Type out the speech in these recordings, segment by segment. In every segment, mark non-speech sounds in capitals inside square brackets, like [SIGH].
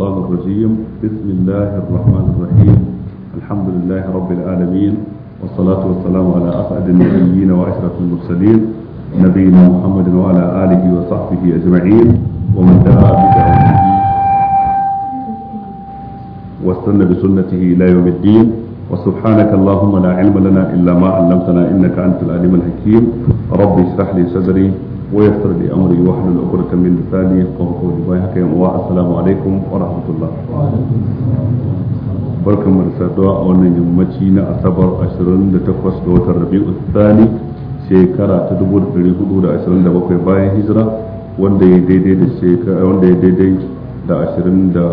الشيطان الرجيم بسم الله الرحمن الرحيم الحمد لله رب العالمين والصلاة والسلام على أسعد النبيين وأشرف المرسلين نبينا محمد وعلى آله وصحبه أجمعين ومن دعا بدعوته واستنى بسنته إلى يوم الدين وسبحانك اللهم لا علم لنا إلا ما علمتنا إنك أنت العليم الحكيم رب اشرح لي صدري ويسر لي امري واحلل عقدة من لساني يفقهوا قولي باي حكا السلام عليكم ورحمة الله barkan mu da saduwa a wannan yammaci na asabar 28 ga watan rabi'u thani shekara ta 1427 bayan hijira wanda ya daidai da shekara wanda ya daidai da 20 da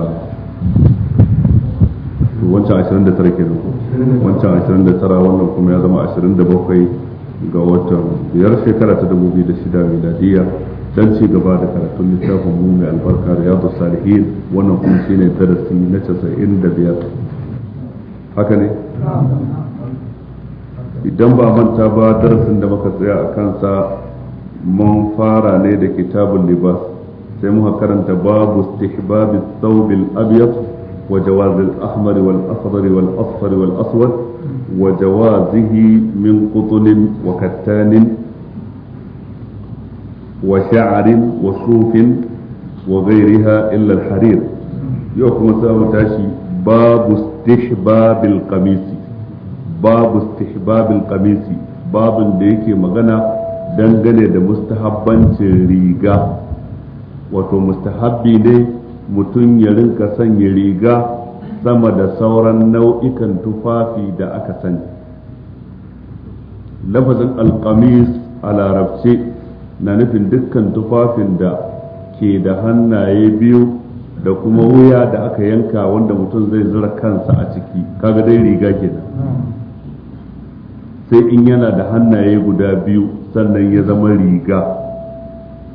wancan 29 kenan wancan 29 wannan kuma ya zama 27 ga watan biyar shekara ta 2006 miladiya dan ci gaba da karatun littafin mu mai albarka da yadda salihin wannan kuma shine darasi na biyar haka ne idan ba manta ba darasin da muka tsaya a kansa mun fara ne da kitabun libas sai muka karanta babu istihbabi thawbil abyad wa jawazil ahmar wal asfar wal asfar wal aswad وجوازه من قطن وكتان وشعر وصوف وغيرها إلا الحرير يوكم ساو تاشي باب استحباب القميص باب استحباب القميص باب ديكي مغنى dangane da mustahabbancin riga wato mustahabbi ne mutum ya rinka sanya riga sama da sauran nau'ikan tufafi da aka sani lafazin alkamis a larabce na nufin dukkan tufafin da ke da hannaye biyu da kuma wuya da aka yanka wanda mutum zai zura kansa a ciki kaga dai riga kenan sai in yana da hannaye guda biyu sannan ya zama riga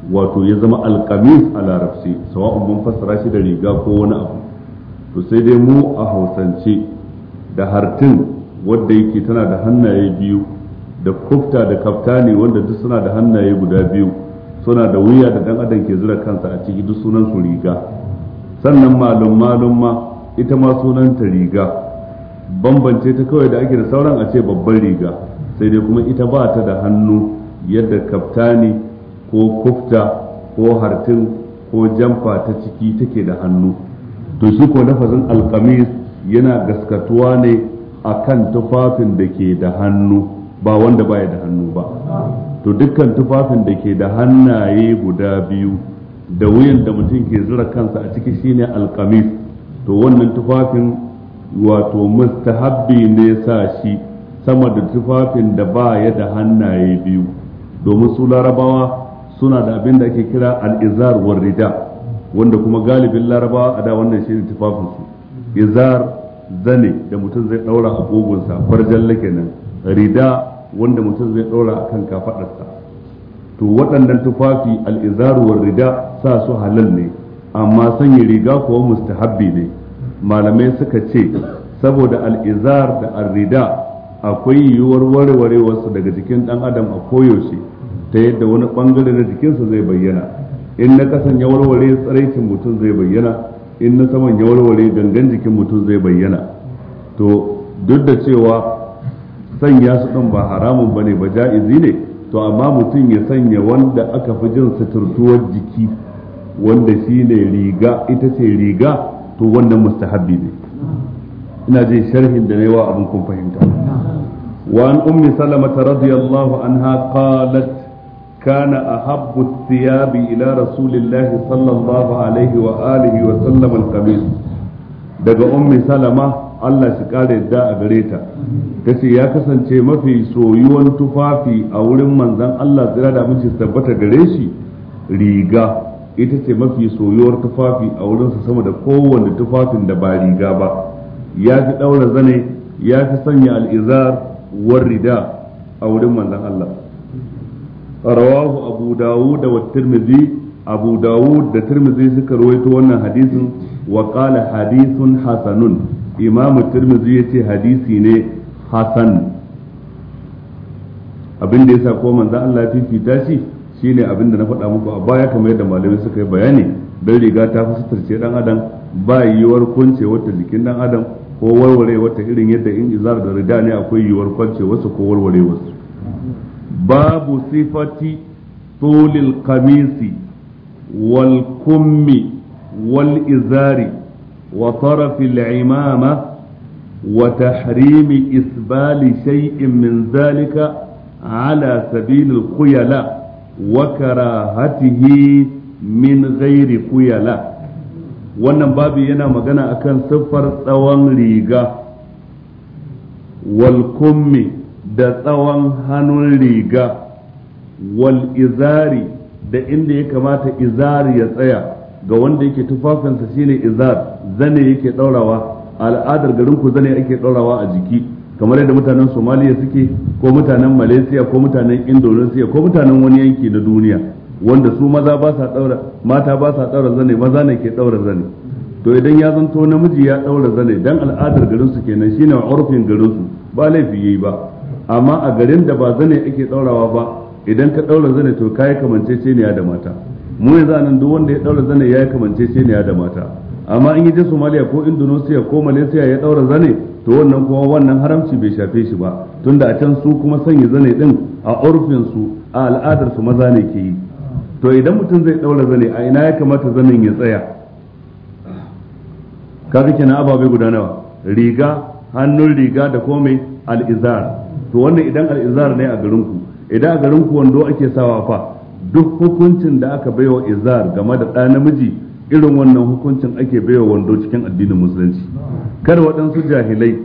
wato ya zama alkamis a larabci sawa'un mun fassara shi da riga ko wani abu to sai dai mu a hausance da hartin wadda yake tana da hannaye biyu da kufta da kaftani wanda duk suna da hannaye guda biyu suna da wuya da dan adam ke zura kansa a ciki duk sunan su riga sannan malum malum ma ita ma sunan ta riga bambance ta kawai da ake da sauran a ce babban riga sai dai kuma ita ba ta da hannu yadda kaftani ko kufta ko hartin ko jamfa ta ciki take da hannu to shi ko lafazin alkamis yana gaskatuwa ne akan tufafin da ke da hannu ba wanda baya da hannu ba to dukkan tufafin da ke da hannaye guda biyu da wuyan da mutum ke zura kansa a ciki shine alkamis to wannan tufafin wato mustahabbi ne sa shi sama da tufafin da ba ya da hannaye biyu domin su larabawa suna da abin da ake kira al'izar war rida wanda kuma galibin Laraba a da wannan shine tufafinsu, su izar zane da mutum zai ɗaura a kogonsa farjalla nan, rida wanda mutum zai ɗaura a kan kafaɗarsa. to waɗannan tufafi al’izaruwar rida sa su halal ne amma sanya riga kuwa mustahabbi ne malamai suka ce saboda al'izar da al-rida, akwai yiwuwar warwarewarsa daga jikin ɗan adam a koyaushe ta yadda wani ɓangare na jikinsa zai bayyana in na kasan ya warware tsaraicin mutum zai bayyana in na saman ya warware gangan jikin mutum zai bayyana to duk da cewa sanya su ɗin ba haramun ba ne ba ja'izi ne to amma mutum ya sanya wanda aka fi jin suturtuwar jiki wanda shi ne riga ita ce riga to wannan mustahabbi ne ina jin sharhin da na yi wa abin kun fahimta وعن أم سلمة رضي الله Anha كان أحب الثياب إلى رسول الله صلى الله عليه وآله وسلم القميص daga ummi salama Allah shi kare yadda a gare ta tace ya kasance mafi soyuwar tufafi a wurin manzan Allah tsira da mace tabbata gare shi riga ita ce mafi soyuwar tufafi a wurinsa sama da kowane tufafin da ba riga ba ya fi daura zane ya fi sanya al'izar war rida a wurin manzan Allah rawahu abu dawud wa tirmidhi abu dawud da tirmidhi suka rawaito wannan hadisin wa qala hadithun hasanun imam tirmidhi yace hadisi ne hasan abin da yasa ko manzo Allah fifita shi shine abin da na faɗa muku a baya kamar yadda malamai suka yi bayani don riga ta fi sutarce dan adam ba yiwuwar kunce wata jikin dan adam ko warware wata irin yadda in izar da rida ne akwai yiwuwar kwance wasu ko warware wasu babu sifati tulil qamisi wal kummi wal izari wa tarafi al wa tahrimi isbali shay'in min zalika ala sabil al-khuyala wa karahatihi min ghairi khuyala wannan babu yana magana akan siffar tsawon riga wal da tsawon hannun riga wal izari da inda ya kamata izari ya tsaya ga wanda yake tufafinsa shine izar zane yake daurawa al'adar garin ku zane ake daurawa a jiki kamar yadda mutanen somaliya suke ko mutanen malaysia ko mutanen indonesia ko mutanen wani yanki na duniya wanda su maza ba sa daura mata ba sa daura zane maza ne ke daura zane to idan ya zanto namiji ya daura zane dan al'adar garin su kenan shine urfin garin su ba laifi yayi ba amma a garin da ba zane ake ɗaurawa ba idan ka ɗaura zane to kai kamanceceniya da mata mu yanzu anan duk wanda ya ɗaura zane ya yi kamance ne da mata amma in yi yaje Somalia ko Indonesia ko Malaysia ya ɗaura zane to wannan kuma wannan haramci bai shafe shi ba tunda a can su kuma sanya zane ɗin a orfinsu a al'adarsu maza ne ke yi to idan mutum zai ɗaura zane a ina ya kamata zanen ya tsaya kaga kenan ababe guda nawa riga hannun riga da komai al'izar to wannan idan alizar ne a garin ku idan a garin ku wando ake sawa fa duk hukuncin da aka baiwa izar game da ɗa namiji irin wannan hukuncin ake baiwa wando cikin addinin musulunci kar waɗansu jahilai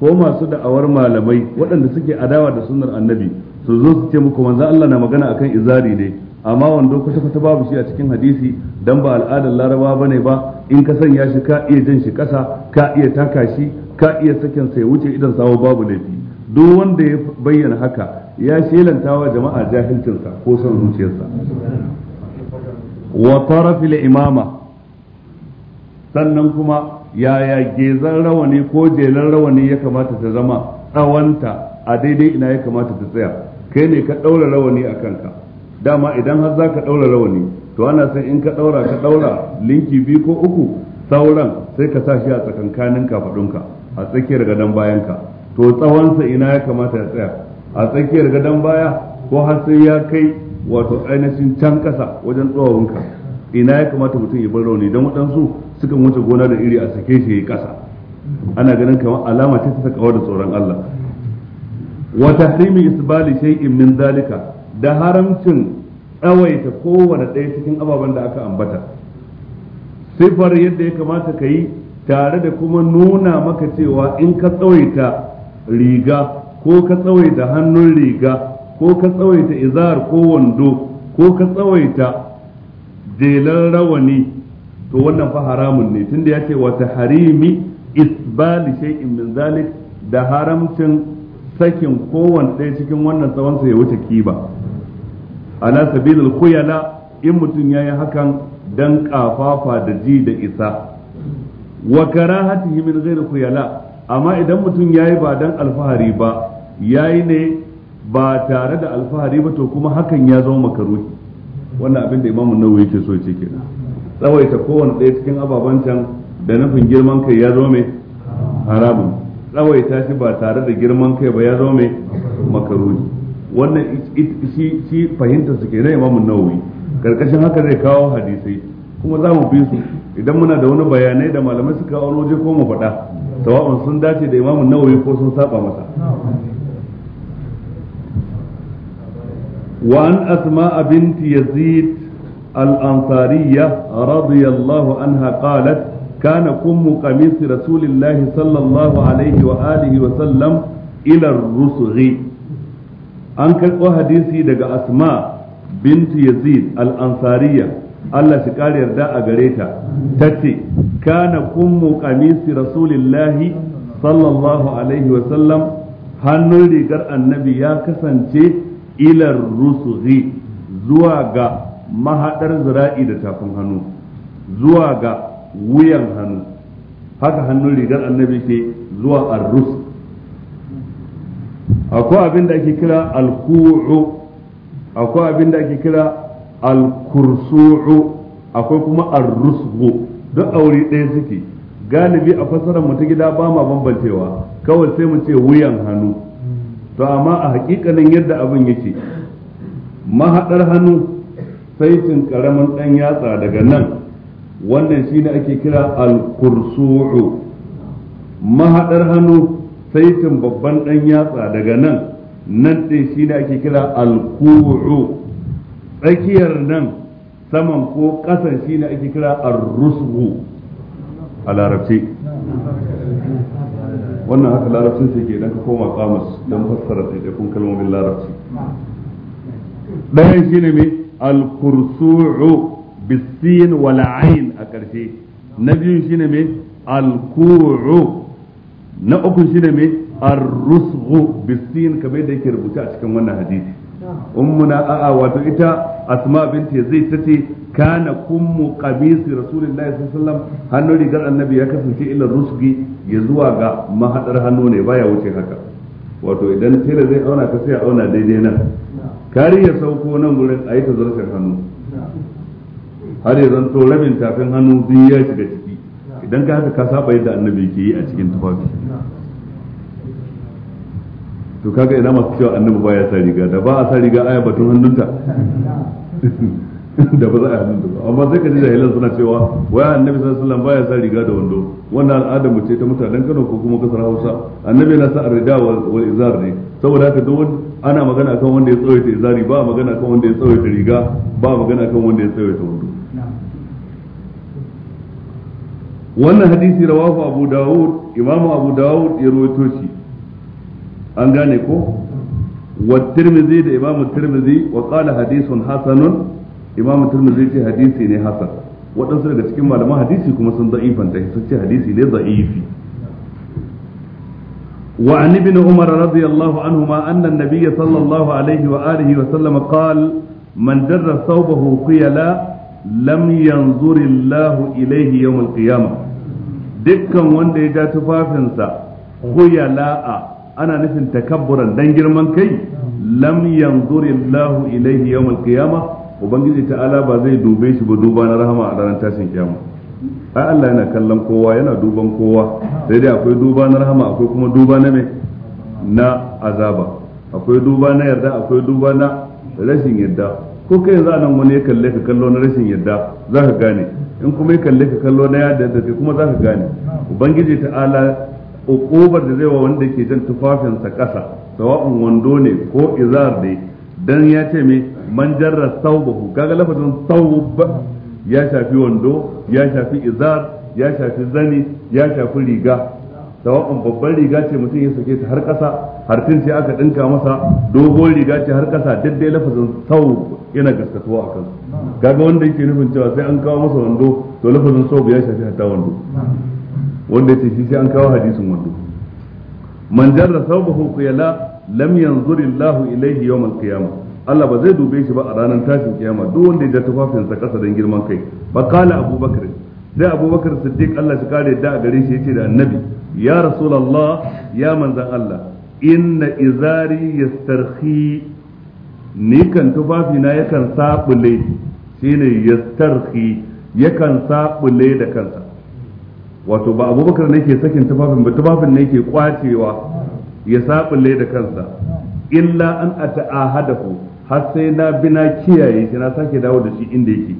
ko masu da'awar malamai waɗanda suke adawa da sunnar annabi su zo su ce muku manzo Allah na magana akan izari ne amma wando kusa kusa babu shi a cikin hadisi dan ba al'adar laraba bane ba in ka sanya shi ka iya jan shi kasa ka iya taka shi ka iya sakin sai wuce idan sawo babu laifi duk wanda ya bayyana haka ya shelantawa jama'a jahilcinsa ko son zuciyarsa wa tarafil imama sannan kuma yaya gezan rawani ko jelan rawani ya kamata ta zama tsawanta a daidai ina ya kamata ta tsaya kai ne ka ɗaura rawani a kanka dama idan har za ka ɗaura rawani to ana sai in ka ɗaura ka ɗaura linki biyu ko uku sauran sai ka sa shi a tsakankanin kafaɗunka a tsakiyar gadon bayanka to tsawonsa ina ya kamata ya tsaya a tsakiyar gadon baya ko har sai ya kai wato ainihin can kasa wajen tsawonka ina ya kamata mutum ya bar rauni don waɗansu suka wuce gona da iri a sake shi ya kasa ana ganin kamar alama ce ta kawar da tsoron Allah wa tahrimi isbali shay'in min zalika da haramcin tsawaita kowane ɗaya cikin ababen da aka ambata sifar yadda ya kamata ka yi tare da kuma nuna maka cewa in ka tsawaita riga ko ka tsawaita hannun riga ko ka tsawaita izar ko wando ko ka tsawaita jelan rawani to wannan fa haramun ne tunda ya ce wata harimi isbali shay'in min zalik da haramcin sakin kowanne ɗaya cikin wannan tsawonsa ya wuce kiba ala sabilul khuyala in mutum yayi hakan dan kafafa da ji da isa wa karahatihi min ghairi khuyala amma idan mutum ya yi ba dan alfahari ba ya yi ne ba tare da alfahari ba to kuma hakan ya zama makaruhi wannan abin da imamu nawa yake so ce kenan tsawaita kowane ɗaya cikin ababen can da nufin girman kai ya zo mai haramun tsawaita shi ba tare da girman kai ba ya zo mai makaruni wannan shi fahimtar su kenan imamu nawawi karkashin haka zai kawo hadisai kuma za mu bi su idan muna da wani bayanai da malamai suka kawo waje ko mu faɗa tawa'un sun dace da imamun nawawi ko sun saba masa وعن أسماء بنت يزيد الأنصارية رضي الله عنها قالت كان كم قميص رسول الله صلى الله عليه وآله وسلم إلى الرسغ أنكر حديثي دقى أسماء بنت يزيد الأنصارية Allah shi kare yarda a gare ta tace kana ummu qamisi rasulillahi sallallahu alaihi wa sallam hannun rigar annabi ya kasance ila rusuhi zuwa ga mahadar zira'i da tafin hannu zuwa ga wuyan hannu haka hannun rigar annabi ke zuwa arrus akwai abin da ake kira alku'u akwai abin da ake kira alkursu'u akwai kuma arrusgu duk aure ɗaya suke galibi a fassarar mu ta gida ba ma bambancewa kawai sai mu ce wuyan hannu to amma a hakikanin yadda abin yake mahaɗar hannu saitin ƙaramin ɗan yatsa daga nan wannan shine ake kira alkursu'u mahaɗar hannu saitin babban ɗan yatsa daga nan nan ɗin shine ake kira alku'u tsakiyar nan saman ko ƙasan shi ne ake kira ar-rusbu a larabci wannan haka larabcin sai ke ka koma kamus don fassara ɗaiɗaikun kalmomin larabci ɗayan shi ne mai al-kursu'u bisin wala'ain a ƙarshe na biyun shi ne mai al-ku'u na ukun shi ne mai ar-rusbu bisin kamar yadda yake rubuta a cikin wannan hadisi ummuna a'a wato ita asma binti yazid tace kana kummu qabisi rasulullahi sallallahu alaihi wasallam hannun rigar annabi ya kasance ila rusgi ya zuwa ga mahadar hannu ne baya wuce haka wato idan tela zai auna ta sai auna daidai nan kari ya sauko nan gurin a yi ta zarcen hannu har ya zanto rabin tafin hannu duk ya shiga ciki idan ka haka ka saba yadda annabi ke yi a cikin tufafi to kaga ina masu cewa annabi baya sa riga da ba a sa riga aya batun hannunta [LAUGHS] da ba za a hannunta ba amma sai ka ji jahilan suna cewa wai annabi sallallahu alaihi ba baya sa riga da wando wannan al'ada mu ce ta mutanen Kano ko kuma kasar Hausa annabi yana sa arida wa izar ne saboda haka duk ana magana akan wanda ya tsawaita izari ba magana akan wanda ya tsawaita riga ba magana akan wanda ya tsawaita wando wannan hadisi rawahu abu dawud imamu abu dawud ya rawaito shi an gane ko wa tirmizi da imam tirmizi wa qala hadithun hasanun imam tirmizi ce hadisi ne hasan waɗansu daga cikin malaman hadisi kuma sun da'ifan da sun ce hadisi ne da'ifi وعن ابن عمر رضي الله عنهما أن النبي wa الله عليه وآله وسلم قال من جر ثوبه قيلا لم ينظر الله إليه يوم القيامة دكا وان دي جات فافنسا قيلاء ana nufin takabburan dan girman kai lam yanzur illahu ilayhi yawm al-qiyama ubangiji ta'ala ba zai dube shi ba duba na rahama a ranar tashin kiyama ai Allah yana kallon kowa yana duban kowa sai dai akwai duba na rahama akwai kuma duba na me na azaba akwai duba na yarda akwai duba na rashin yarda ko kai yanzu nan wani ya kalle ka kallo na rashin yarda za ka gane in kuma ya kalle ka kallo na yarda da kai kuma za ka gane ubangiji ta'ala ukubar da zai wa wanda ke jan tufafinsa ƙasa sawa'un wando ne ko izar ne dan ya ce me man jarra ku kaga lafazin sauba ya shafi wando ya shafi izar ya shafi zani ya shafi riga sawa'un babban riga ce mutum ya sake ta har ƙasa harfin sai aka dinka masa dogon riga ce har ƙasa daidai lafazin saub yana gaskatuwa a kansu kaga wanda yake nufin cewa sai an kawo masa wando to lafazin saub ya shafi hatta wando wanda yace shi sai an kawo hadisin wando man jarra thawbahu qiyala lam yanzur Allah ilayhi yawm al-qiyamah Allah ba zai dube shi ba a ranar tashin kiyama duk wanda ya da tufafinsa kasa don girman kai ba kala abubakar sai abubakar siddiq Allah shi kare da a gare shi yace da annabi ya rasulullah ya manzan Allah inna izari yastarhi ni kan tufafi na yakan sabule shine yastarhi yakan sabule da kansa wato ba abubakar ne ke sakin tufafin ba tufafin ne ke kwacewa ya sabulle da kansa illa an ata'ahadahu har sai na bina kiyaye shi na sake dawo da shi inda yake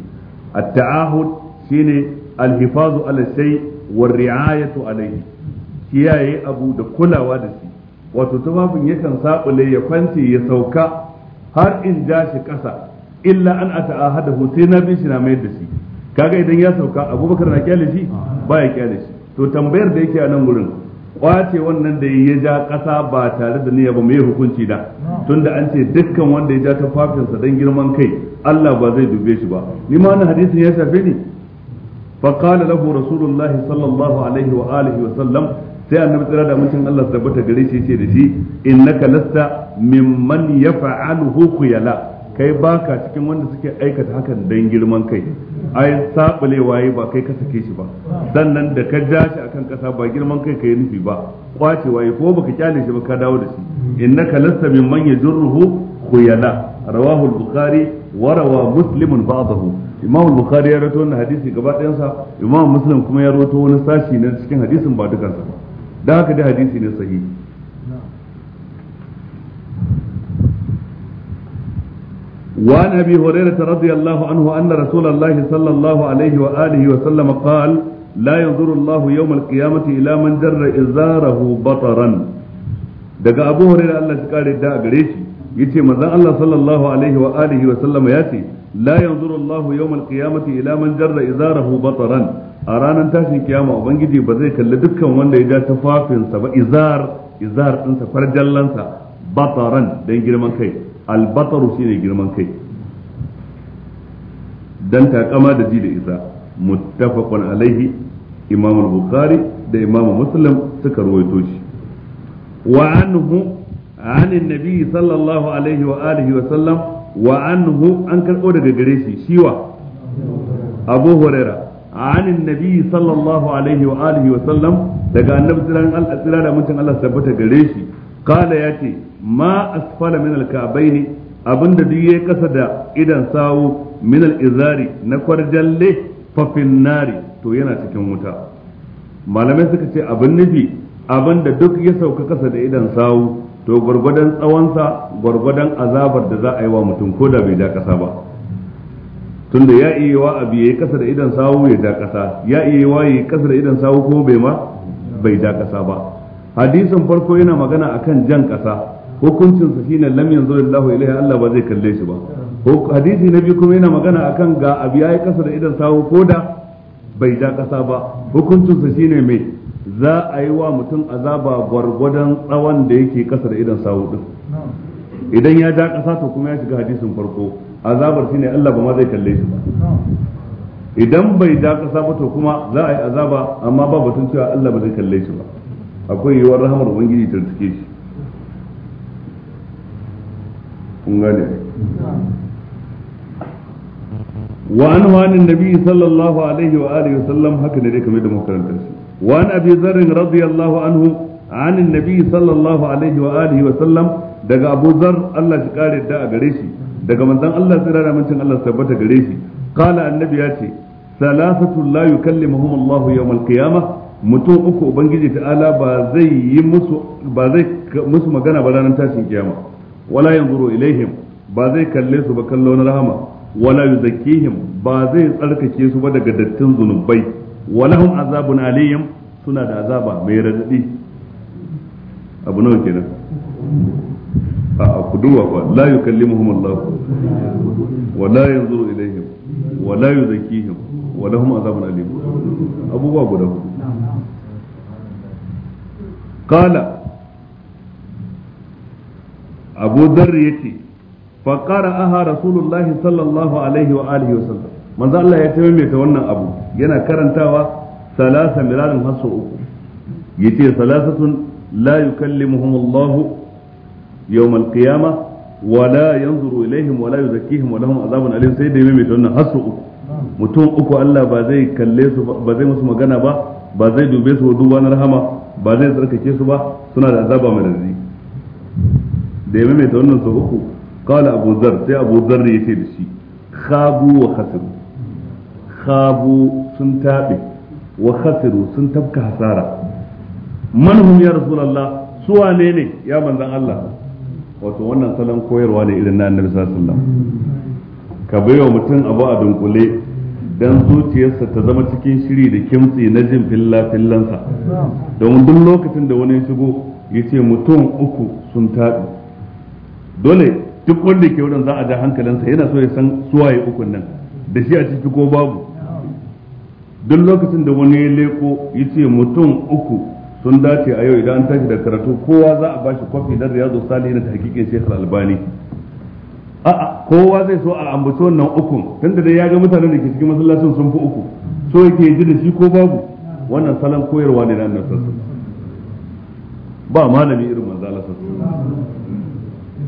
at-ta'ahud shine al-hifazu ala wa ri'ayatu alayhi kiyaye abu da kulawa da shi wato tufafin yakan sabule ya kwance ya sauka har in ja shi kasa illa an ata'ahadahu sai na bi shi na mayar da shi kaga idan ya sauka abubakar na kyale shi baya kyale shi to tambayar da yake a nan gurin kwace wannan da ya ja kasa ba tare da niyya ba mai hukunci da tunda an ce dukkan wanda ya ja tufafinsa dan girman kai Allah ba zai dube shi ba ni ma wannan hadisin ya shafe ni fa qala lahu rasulullahi sallallahu alaihi wa alihi wa sallam sai annabi tsira da mutum Allah tabbata gare shi yace da shi innaka lasta mimman yaf'aluhu khuyala kai baka cikin wanda suke aikata hakan don girman kai ai sabule waye ba kai ka shi ba sannan da ka ja shi akan kasa ba girman kai ka yi nufi ba kwace waye ko baka kyale shi ba ka dawo da shi innaka lasta manyan yajruhu khuyala rawahu al-bukhari wa rawa muslimun ba'dahu imam al-bukhari ya rawaito wannan hadisi gaba ɗayan sa imam muslim kuma ya rato wani sashi na cikin hadisin ba dukansa ba dan haka da hadisi ne sahihi وعن أبي هريرة رضي الله عنه أن رسول الله صلى الله عليه وآله وسلم قال لا ينظر الله يوم القيامة إلى من جر إزاره بطرا دقى أبو هريرة الله تقال دا قريشي يتي ماذا الله صلى الله عليه وآله وسلم ياتي لا ينظر الله يوم القيامة إلى من جر إزاره بطرا أرانا تاشي كياما وبنجي بذيك اللي دكا ومن دا إذا تفافن سبا إزار إزار إنسا فرجل لنسا بطرا دين جرمان كيف albataru shine girman kai dan takama da ji da isa muttafaqun alaihi imam al-bukhari da imam muslim suka rawaito shi wa anhu عن النبي صلى الله عليه وآله وسلم وعنه أنكر أودك قريشي شيوة أبو هريرة عن النبي صلى الله عليه وآله وسلم لقى النبي صلى الله عليه وسلم قال ياتي ma asfala min abin abinda duk yayi kasa da idan sawu min alizari na kwarjalle fa nari to yana cikin wuta malamai suka ce abin nufi abinda duk ya sauka kasa da idan sawu to gwargwadon tsawonsa gwargwadon azabar da za a yi wa mutum ko da bai ja kasa ba tunda ya iya wa abu ya kasa da idan sawu ya ja kasa ya iya wa ya yi kasa da idan sawu ko bai ma bai ja kasa ba hadisin farko yana magana akan jan kasa hukuncin su shine lam yanzu lillahi ilaihi Allah ba zai kalle shi ba ko hadisi na biyu kuma yana magana akan ga abu yayi kasa da idan sawo ko da bai da kasa ba hukuncin su shine mai za a yi wa mutum azaba gwargwadon tsawon da yake kasa da idan sawo din idan ya ja kasa to kuma ya shiga hadisin farko azabar shine Allah ba ma zai kalle shi ba idan bai da kasa ba to kuma za a yi azaba amma ba batun cewa Allah ba zai kalle shi ba akwai yiwuwar rahamar ubangiji ta rike shi kun gane wa an wa nabi sallallahu alaihi wa alihi wasallam haka ne dai kamar da makarantar shi wa an abi zarr radiyallahu anhu an nabi sallallahu alaihi wa alihi sallam daga abu zar Allah shi kare da a gare shi daga manzon Allah tsira rana mincin Allah tabbata gare shi qala annabi ya ce salasatu la yukallimuhum Allah yawm al-qiyamah mutum uku ubangiji ta'ala ba zai yi musu ba zai musu magana ba ranar tashin kiyama wala yanzuru ilaihim ba zai kalle su ba kallo na rahama wala yuzakkihim ba zai tsarkake su ba daga dattin zunubai walahum azabun aliyim suna da azaba mai radadi abu nawa kenan a ku duba ba la yukallimuhum Allah wa la yanzuru ilaihim wa la yuzakkihim wa lahum azabun Abu ba guda qala abu ya ce fa aha rasulullah sallallahu alaihi wa alihi wasallam manzo Allah ya taimaita wannan abu yana karantawa salasa milalin hasu uku yace salasatun la yukallimuhum Allah yawm al-qiyamah wa la yanzuru ilaihim wa la yuzakkihim wa lahum azabun alim sai da maimaita wannan hasu uku mutum uku Allah ba zai kalle su ba zai musu magana ba ba zai dube su duba na rahama ba zai tsarkake su ba suna da azaba mai razzi da ya maimaita wannan sau uku kawai abu zar sai abu zar ya ce da shi khabu wa khasiru khabu sun taɓe wa khasiru sun tabka hasara manhum ya rasulallah su wane ne ya manzan Allah wato wannan salon koyarwa ne irin na annabi sallallahu alaihi ka baiwa mutum abu a dunkule dan zuciyarsa ta zama cikin shiri da kimtsi na jin filla fillansa don duk lokacin da wani shigo ya ce mutum uku sun taɓi dole duk wanda ke wurin za a ja hankalinsa yana so ya san suwaye ukun nan da shi a ciki ko babu duk lokacin da wani ya leko ya ce mutum uku sun dace a yau idan an tashi da karatu kowa za a bashi kwafi na sali salihin ta hakikin shekar albani a'a kowa zai so a ambaci wannan ukun tunda da ya ga mutanen da ke cikin masallacin sun fi uku so yake ji da shi ko babu wannan salon koyarwa ne na annabi ba malami irin manzo Allah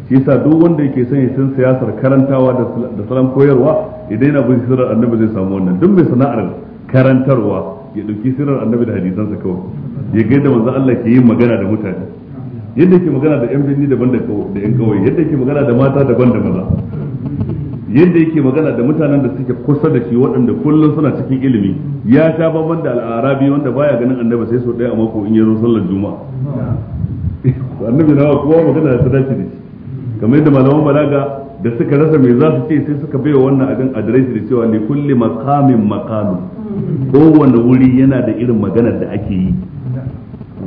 shi yasa duk wanda yake son ya san siyasar karantawa da salon koyarwa idan yana bin sirar annabi zai samu wannan duk mai sana'ar karantarwa ya dauki sirar annabi da hadisansa kawai ya ga yadda manzo Allah ke yin magana da mutane yadda ke magana da yan binni daban da da yan kawai yadda ke magana da mata daban da maza yadda yake magana da mutanen da suke kusa da shi waɗanda kullum suna cikin ilimi ya sha bamban da al'arabi wanda baya ganin annabi sai sau ɗaya a mako in ya zo sallar juma'a [LAUGHS] annabi na kowa magana da ta dace da shi kamar yadda malaman balaga da suka rasa me za su ce sai suka baiwa wannan abin adireshi da cewa ne kulli makamin makamin kowane wuri yana da irin maganar da ake yi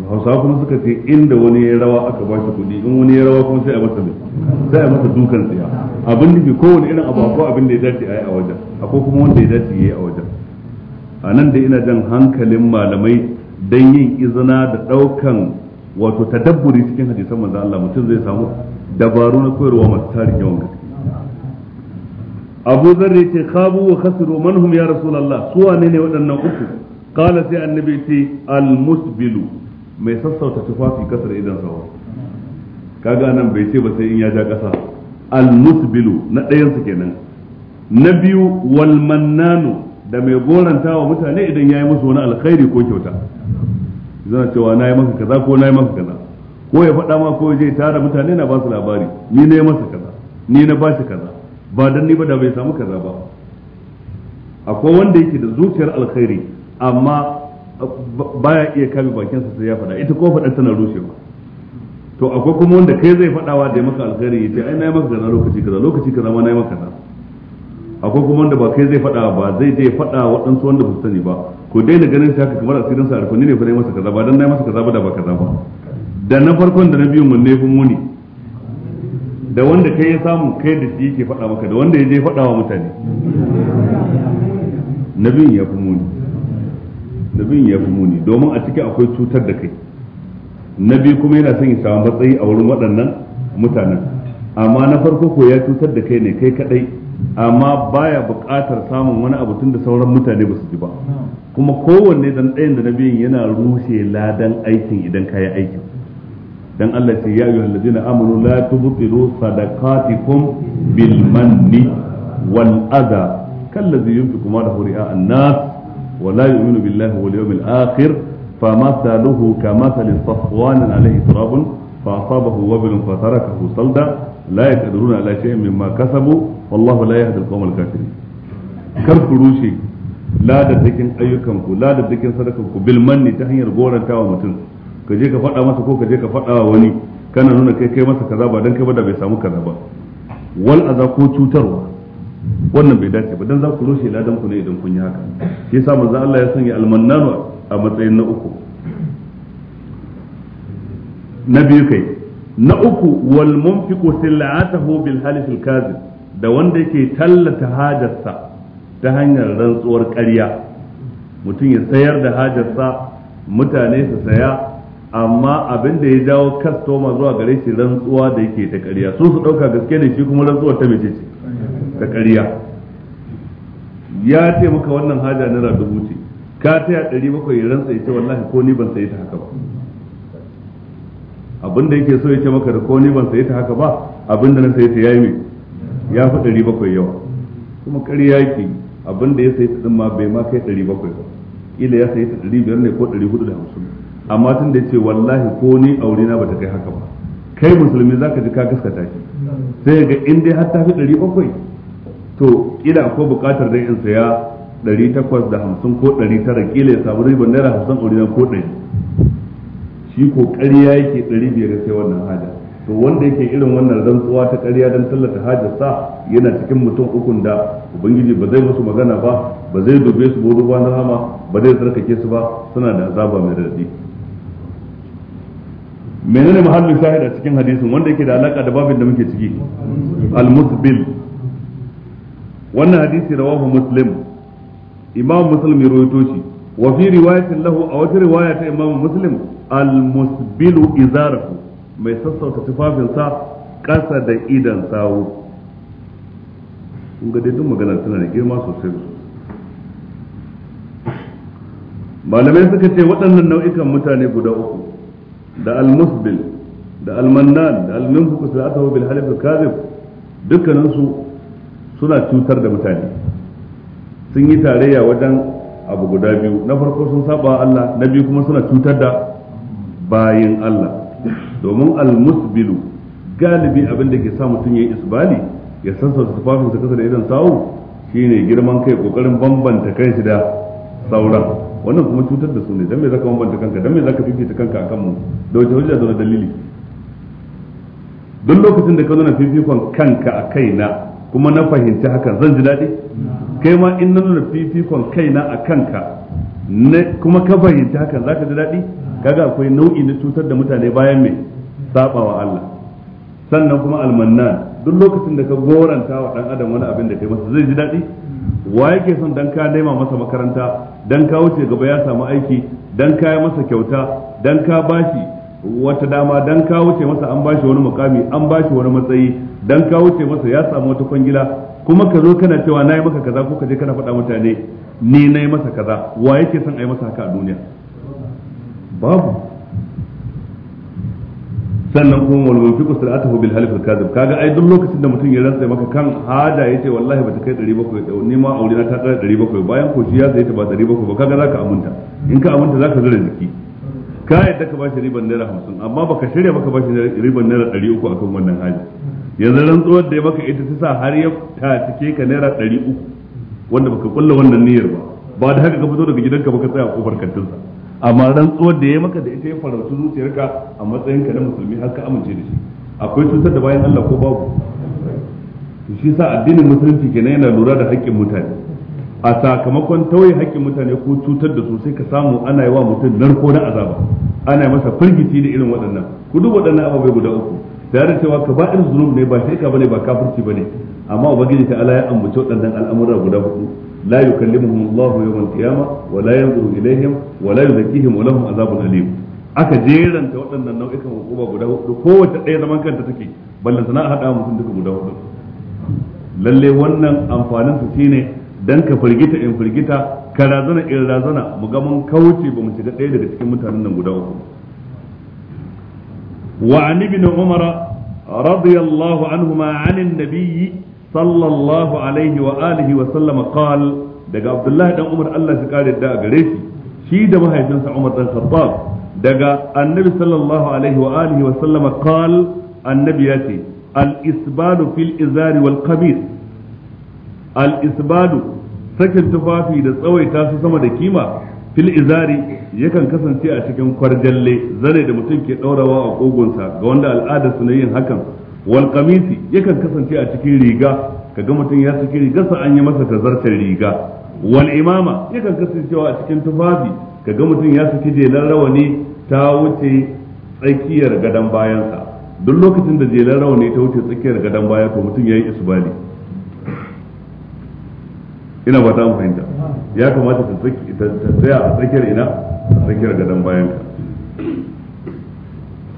hausawa kuma suka ce inda wani ya rawa aka ba shi kuɗi in wani ya rawa kuma sai a masa sai a masa dukan tsaya abin da ke kowane irin abu ko abin da ya dace a yi a wajen akwai kuma wanda ya dace ya yi a wajen a nan da ina jan hankalin malamai don yin izina da ɗaukan wato tadabburi cikin hadisan manzon Allah mutum zai samu dabaru na koyarwa masu tarin yawan gaske Abu Zarri yace khabu wa khasiru manhum ya Rasulullah su wane ne waɗannan uku qala sai annabi ce al musbilu mai sassauta tufafi kasar idan sawa kaga nan bai ce ba sai in ya ja kasa al musbilu na ɗayan su kenan na biyu wal mannanu da mai goranta wa mutane idan yayi musu wani alkhairi ko kyauta zan cewa yi masa kaza ko yi masa kaza ko ya faɗa ma ko je tara mutane na ba su labari ni na yi masa kaza ni na ba shi kaza ba dan ni ba da bai samu kaza ba akwai wanda yake da zuciyar alkhairi amma baya iya kame bakinsa sai ya faɗa ita ko faɗa tana rushewa to akwai kuma wanda kai zai faɗawa da ya maka alkhairi ya ce ai yi maka kaza lokaci kaza lokaci kaza ma yi maka kaza akwai kuma wanda ba kai zai faɗa ba zai je faɗa waɗansu wanda ba su sani ba ku daina ganin shi haka kamar asirin sa alkunni ne fa dai masa kaza ba dan nayi masa kaza ba da ba kaza ba da na farkon da na biyun mun ne fi muni da wanda kai ya samu kai da shi yake faɗa maka da wanda ya je faɗa wa mutane na biyun ya fi muni na biyun ya fi muni domin a ciki akwai cutar da kai na biyu kuma yana son ya samu matsayi a wurin waɗannan mutanen amma na farko ko ya cutar da kai ne kai kadai amma baya buƙatar samun wani abu tun da sauran mutane ba su ji ba kuma kowanne dan ɗayan da na biyun yana rushe ladan aikin idan ka yi aikin dan Allah ce ya yi allazina amanu la tubtilu sadaqatikum bil manni wal adha kallazi yunfiqu ma lahu ri'a an wa la yu'minu billahi wal yawmil akhir famathaluhu kamathali safwan alayhi turabun فأصابه وبل فتركه صلدا لا يقدرون على شيء مما كسبوا والله لا يهدي القوم الكافرين kar ku rushe da ayyukanku ladaddakin ku bil manni ta hanyar gorantawa mutum ka je ka faɗa masa ko ka je ka faɗa wa wani kana nuna kai kai masa kaza ba dan kai ba da bai samu kaza ba wal aza ko cutarwa wannan bai dace ba dan za ku rushe ladan ku ne idan kun yi haka shi yasa manzo Allah ya sanya almannanu a matsayin na uku na biyu kai na uku wal munfiqu silatahu bil halif al kazib da wanda yake tallata hajarsa ta hanyar rantsuwar ƙarya mutum ya sayar da hajarsa mutane su saya amma abin da ya jawo kastoma zuwa gare shi rantsuwa da yake ta ƙarya su su ɗauka gaske ne shi kuma rantsuwar ta mece ce ta ƙarya ya ce maka wannan haja naira dubu ce ka taya ɗari bakwai ya rantsa ya ce wallahi ko ni ban sayi ta haka ba abin da yake so ya ce maka da ko ni ban sayi ta haka ba abin da na sayi ta yayi mai ya fi ɗari bakwai yawa kuma ƙarya yake yi abin da ya sayi ta ma bai ma kai 700 ba ila ya sayi ta 500 ne ko 450 amma tun da ce wallahi ko ni aure na bata kai haka ba kai musulmi zaka ji ka gaskata shi sai ga in dai har ta fi 700 to ila akwai bukatar da in saya 850 ko 900 kila ya samu ribar naira 50 aure na ko 100 shi ko ƙarya yake 500 sai wannan haja to wanda yake irin wannan rantsuwa ta ƙarya don tallata sa yana cikin mutum ukun da ubangiji ba zai musu magana ba ba zai dube su ba ruwa na hama ba zai tsarkake su ba suna da azaba mai raɗi. menene muhallin shahid a cikin hadisin wanda yake da alaka da babin da muke ciki al-musbil wannan hadisi rawahu muslim imam muslim ya rawaito shi wa fi riwayatin lahu a wata riwaya ta imam muslim al-musbilu izarahu mai sassauta tufafinsa ƙasa da idan sawu kun ga duk magana suna da girma sosai malamai suka ce waɗannan nau'ikan mutane guda uku da almusbil da almannan da alminfukus da aka bil halifu kazif dukkaninsu suna cutar da mutane sun yi tarayya wajen abu guda biyu na farko sun saba Allah na biyu kuma suna cutar da bayin Allah domin almusbilu galibi abin da ke sa mutum ya yi isbali ya sassauta tufafin sa kasa da idan sawu shine girman kai kokarin bambanta kanshi da sauran wannan kuma cutar da su ne dan me zaka bambanta kanka dan me zaka fifita kanka akan mu da wace hujja da dalili duk lokacin da ka nuna fifikon kanka a kaina kuma na fahimci hakan zan ji daɗi kai ma in na nuna fifikon kaina a kanka kuma ka fahimci hakan za ka ji daɗi kaga akwai nau'i na cutar da mutane bayan mai sabawa Allah sannan kuma almannan duk lokacin da ka goranta wa dan adam wani abin da kai masa zai ji daɗi wa yake son dan ka daima masa makaranta dan ka wuce gaba ya samu aiki dan ka yi masa kyauta dan ka bashi wata dama dan ka wuce masa an bashi wani mukami an bashi wani matsayi dan ka wuce masa ya samu wata kwangila kuma ka zo kana cewa nayi maka kaza ko ka je kana faɗa mutane ni nayi masa kaza wa yake son a yi masa haka a duniya babu sannan kuma wal munfiqu sir'atuhu bil halif al kadhib kaga ai duk lokacin da mutum ya rantsa maka kan hada yace wallahi bata kai 700 da ni ma aure na ta kai 700 bayan ko ya zai ta ba 700 ba kaga zaka aminta in ka aminta zaka zura jiki ka yadda ka bashi riban naira 50 amma baka shirya baka bashi riban naira 300 akan wannan hali yanzu rantsuwar da ya maka ita ta sa har ya cike ka naira 300 wanda baka kulla wannan niyyar ba ba da haka ka fito daga gidanka baka tsaya kofar kantinsa amma rantsuwar da ya maka da ita ya farautu zuciyarka a matsayin ka na musulmi har ka amince da shi akwai cutar da bayan Allah ko babu shi sa addinin musulunci kenan yana lura da haƙƙin mutane a sakamakon tauye haƙƙin mutane ko cutar da su ka samu ana yi wa mutum narko na azaba ana yi masa firgici da irin waɗannan ku duk waɗannan ababai guda uku da da cewa ka ba'ir zunub ne ba shirka bane ba kafirci bane amma ubangiji ta ala ya ambaci waɗannan al'amura guda hudu la yukallimuhum Allah yawm al-qiyamah wa la yanzuru ilayhim wa la yuzakkihim wa lahum ta aka jeranta waɗannan nau'ikan hukuma guda hudu kowace ɗaya zaman kanta take ballan sana a haɗa mutum duka guda hudu lalle wannan amfanin su shine dan ka firgita in firgita ka razana in razana mu ga mun kauce ba mu shiga ɗaya daga cikin mutanen nan guda uku wa an ibn umar radiyallahu anhuma anin nabiyyi sallallahu alaihi wa alihi wa sallama qal daga abdullahi dan umar Allah ya kare da gare shi shi da mahaifinsa umar dan khattab daga annabi sallallahu alaihi wa alihi wa sallama qal annabi ya ce al isbadu fil izari al isbadu sakin tufafi da tsawaita su sama da kima fil'izari izari yakan kasance a cikin kwarjalle zare da mutum ke ɗaurawa a kogonsa ga wanda al'adar na yin hakan wal kamisi yakan kasance a cikin riga kaga mutum ya saki sa an yi masa tazartar riga wal imama yakan kasancewa a cikin tufafi kaga mutum ya saki jelar rawani ta wuce tsakiyar gadon bayansa duk lokacin da jelar rawani ta wuce tsakiyar gadon bayan to mutum ya yi isbali ina ba ta mu fahimta ya kamata ta tsaya a tsakiyar ina a tsakiyar gadon bayanka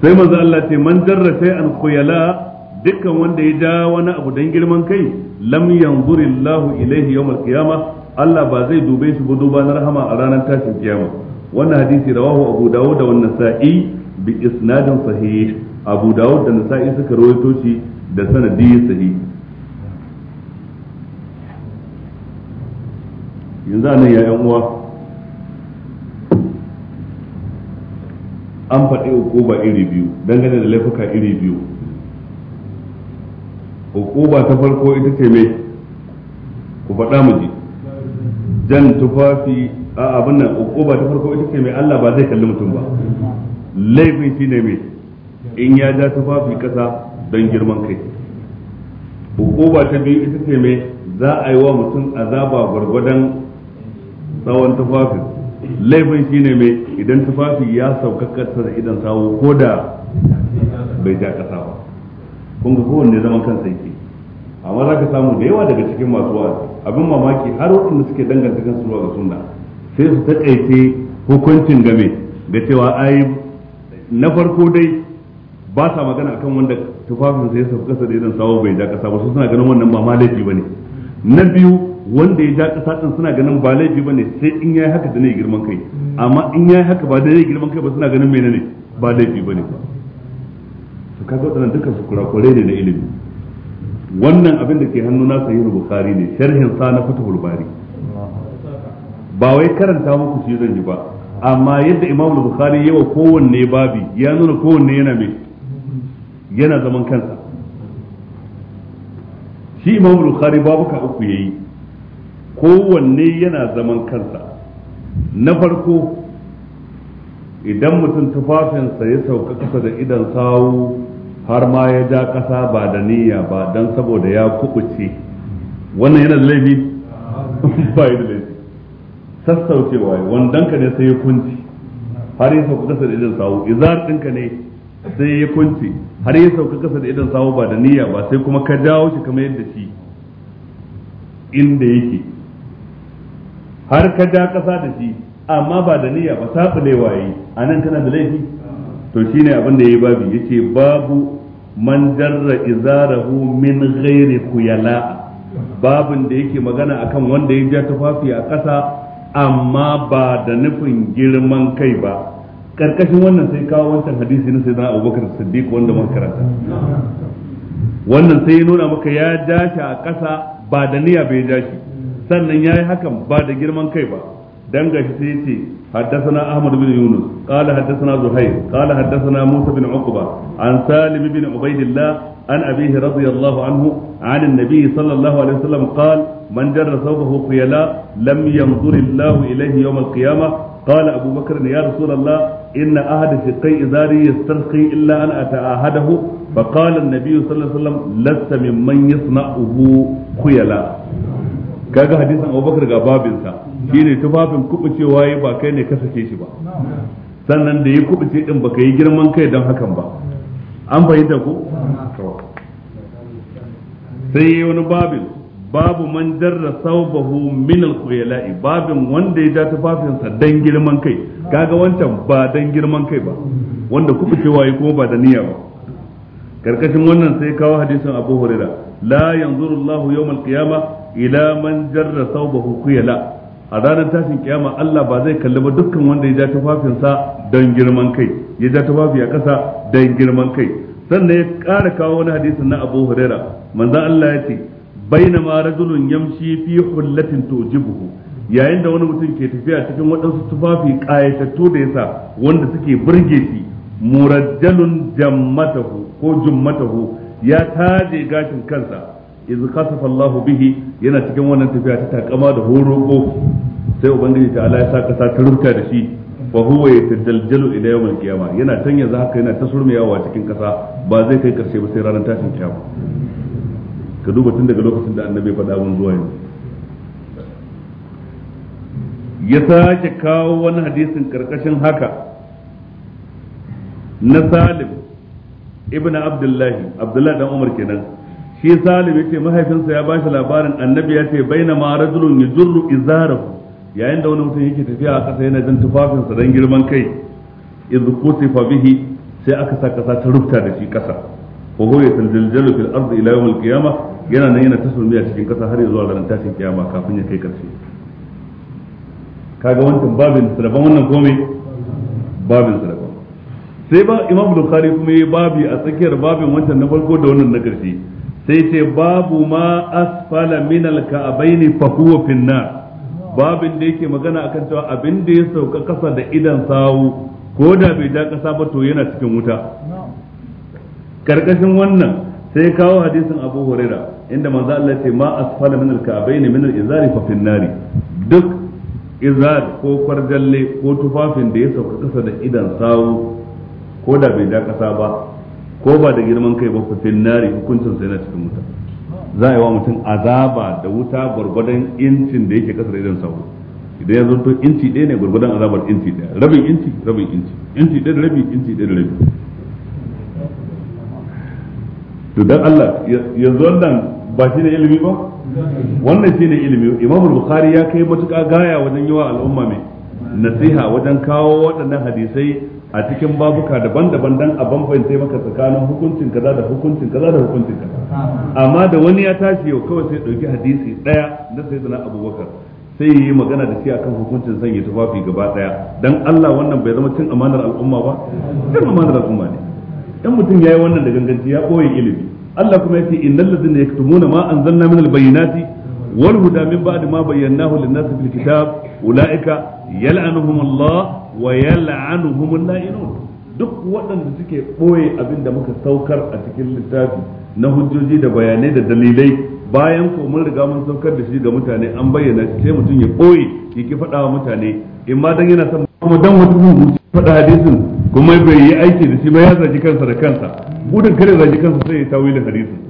sai manzo Allah ce man jarra shay'an khuyala dukkan wanda ya ja wani abu dan girman kai lam Allah ilaihi yawmal qiyamah Allah ba zai dube shi ba duba na rahama a ranar tashin kiyama wannan hadisi rawahu Abu Dawud da Nasa'i bi isnadin sahih Abu Dawud da Nasa'i suka rawaito shi da sanadi sahih yanzu anan ya uwa an faɗi uku ba iri biyu dangane da laifuka iri biyu uquba ta farko ita ce me ku faɗa mu ji jan tufafi a abin nan uquba ta farko ita ce me Allah ba zai kalli mutum ba laifin shi ne me in ya ja tufafi kasa don girman kai uquba ta biyu ita ce me za a yi wa mutum azaba gwargwadon tsawon tufafin laifin shi ne mai idan tufafi ya sauka da idan sawo ko da bai ja kasa ba kun ga kowanne zaman kansa yake amma za ka samu da yawa daga cikin masu wa abin mamaki har waɗanda suke danganta kansu zuwa ga sunna sai su taƙaice hukuncin game da cewa ai na farko dai ba sa magana akan wanda tufafinsa ya sauka kasa da idan sawo bai ja kasa ba su suna ganin wannan ba ma laifi bane na biyu wanda ya ja kasa din suna ganin ba laifi bane sai in yayi haka da ne girman kai amma in yayi haka ba da ne girman kai ba suna ganin menene ba laifi bane ba to kaga wadannan dukkan su kurakurai ne na ilimi wannan abin da ke hannu na sahih bukari ne sharhin sa na fatahul bari ba wai karanta muku shi zan yi ba amma yadda bukari yi wa kowanne babi ya nuna kowanne yana mai yana zaman kansa shi imam bukari babuka uku yayi kowanne yana zaman kansa na farko idan mutum tufafinsa ya sauka kasa da idan sawu har ma ya ja ƙasa ba da niyya ba don saboda ya kubuce wannan yana da laifi [LAUGHS] ba da laifi sassaucewa yi wandonka ne sai ya kunci har ya sauka kasa da idan sawu izar ɗinka ne sai ya kunci har ya sauka kasa da idan sawu ba da niyya ba sai kuma ka jawo shi kamar yadda shi inda yake har ka ja ƙasa da shi amma ba da niyya ba saɓulewa yi a nan kana da laifi to shi shine abin da yi babu ya ce babu man jarra izarahu min ghairi kuyala babin da yake magana akan wanda ya ja tufafi a ƙasa amma ba da nufin girman kai ba karkashin wannan sai kawo wancan hadisi na sayyidina Abubakar Siddiq wanda muka karanta wannan sai ya nuna maka ya ja shi a ƙasa ba da niyya bai ja shi sannan yayi hakan ba da girman kai ba dan gashi sai yace حدثنا احمد بن يونس قال حدثنا زهير قال حدثنا موسى بن عقبه عن سالم بن عبيد الله عن ابيه رضي الله عنه عن النبي صلى الله عليه وسلم قال من جر ثوبه خيلاء لم ينظر الله اليه يوم القيامه قال ابو بكر يا رسول الله ان احد شقي ازاري يسترخي الا ان اتعاهده فقال النبي صلى الله عليه وسلم لست ممن يصنعه خيلاء kaga hadisin Abu Bakar ga babinsa ne tufafin kubucewa yi ba kai ne kasace shi ba sannan da ya kubuce din baka yi girman kai don hakan ba an fahimta ko sai yi wani babin babu man jarra saubahu min al-khuyala'i babin wanda ya ja sa dan girman kai kaga wancan ba dan girman kai ba wanda kubucewa yi kuma ba da niyya ba karkashin wannan sai kawo hadisin Abu Hurairah la yanzuru Allahu yawmal qiyamah ila man jarra saubahu khuyala' a ranar tashin kiyama Allah ba zai kalli ba dukkan wanda ya ja tufafinsa don girman kai ya ja tufafi a ƙasa don girman kai sannan ya ƙara kawo wani hadisin na Abu Huraira manzon Allah ya ce ma rajulun yamshi fi hullatin tujibuhu yayin da wani mutum ke tafiya cikin waɗansu tufafi ƙayatattu da yasa wanda suke burge shi murajjalun jammatahu ko jummatahu ya taje gashin kansa iz kasafa Allah bihi yana cikin wannan tafiya ta takama da ko sai ubangiji ta Allah ya sa kasa ta rubta da shi fa huwa yatajaljalu ila yawm qiyama yana can yanzu haka yana ta surmiyawa cikin kasa ba zai kai karshe ba sai ranar tashin kiyama ka duba tun daga lokacin da annabi faɗa mun zuwa yanzu ya sake kawo wani hadisin karkashin haka na Salim ibn Abdullahi Abdullahi dan Umar kenan shi salim ce mahaifinsa ya bashi labarin annabi ya ce baina ma rajulun yajurru izarahu yayin da wani mutum yake tafiya a kasa yana jin tufafinsa dan girman kai iz kutifa bihi sai aka sa ƙasa ta rufta da shi ƙasa wa huwa yatanjaljalu fil ardi ila yawm al qiyamah yana nan yana tasulmi miya cikin ƙasa har zuwa ranar tashin kiyama kafin ya kai ƙarshe kaga wancan babin sirban wannan komai babin sirban sai ba imam bukhari kuma yayi babi a tsakiyar babin wancan na farko da wannan na ƙarshe sai ce babu ma asfala min alka'abaini fa huwa babin da yake magana akan cewa abin da ya sauka kasa da idan sawu ko da bai ja kasa ba to yana cikin wuta karkashin wannan sai kawo hadisin Abu Huraira inda manzo Allah ce ma asfala min alka'abaini min alizari fa finnari duk izar ko kwarjalle ko tufafin da ya sauka kasa da idan sawu ko da bai ja kasa ba ko ba da girman kai ba fafin nari hukuncin sai na cikin mutum za a yi wa mutum azaba da wuta gwargwadon incin da yake kasar idan sauro idan ya zonto inci ɗaya ne gwargwadon azabar inci ɗaya rabin inci rabin inci inci ɗaya da rabi inci ɗaya da rabi to dan Allah ya zonan ba shi ne ilimi ba wannan shi ne ilimi imam bukhari ya kai matuƙa gaya wajen yi wa al'umma mai nasiha wajen kawo waɗannan hadisai a cikin babuka daban-daban dan a bambance maka tsakanin hukuncin kaza da hukuncin kaza da hukuncin kaza amma da wani ya tashi yau kawai sai dauki hadisi daya na sayyidina Abubakar sai yi magana da shi akan hukuncin sanya tufafi gaba daya dan Allah wannan bai zama cin amanar al'umma ba cin amanar al'umma ne in mutum yayi wannan da ganganci ya koyi ilimi Allah kuma yace innal ladzina yaktumuna ma anzalna minal bayyinati wal huda min ba'di ma bayyanahu lin-nasi kitab, kitab ulaika yal'anuhum Allah wa yal'anuhum la'inun duk waɗanda suke ɓoye abin da muka saukar a cikin littafi na hujjoji da bayanai da dalilai bayan ko mun riga mun saukar da shi ga mutane an bayyana sai mutum ya ɓoye yake ki faɗa wa mutane in ma dan yana son kuma dan mutum faɗa hadisin kuma bai yi aiki da shi ba ya zaji kansa da kansa gudun kare zaji kansa sai ya tawilin hadisin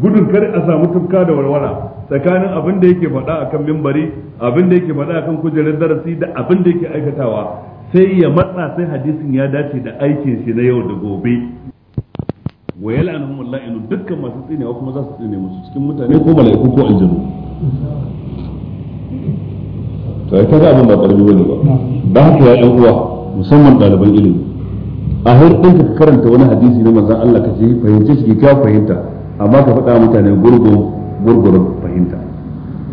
gudun kare a samu tufka da warwara tsakanin abin da yake faɗa akan mimbari abin da yake faɗa akan kujerar darasi da abin da yake aikatawa sai ya matsa sai hadisin ya dace da aikin shi na yau da gobe wa yal'anuhum al-la'inu dukkan masu tsinewa kuma za su tsine musu cikin mutane ko mala'iku ko aljanu to ai kaga abin ba karbi bane ba ba haka ya yan uwa musamman ɗaliban ilimi a har ɗin ka karanta wani hadisi na manzon Allah ka ce fahimce shi ka fahimta amma ka faɗa mutane gurgu gurgurun fahimta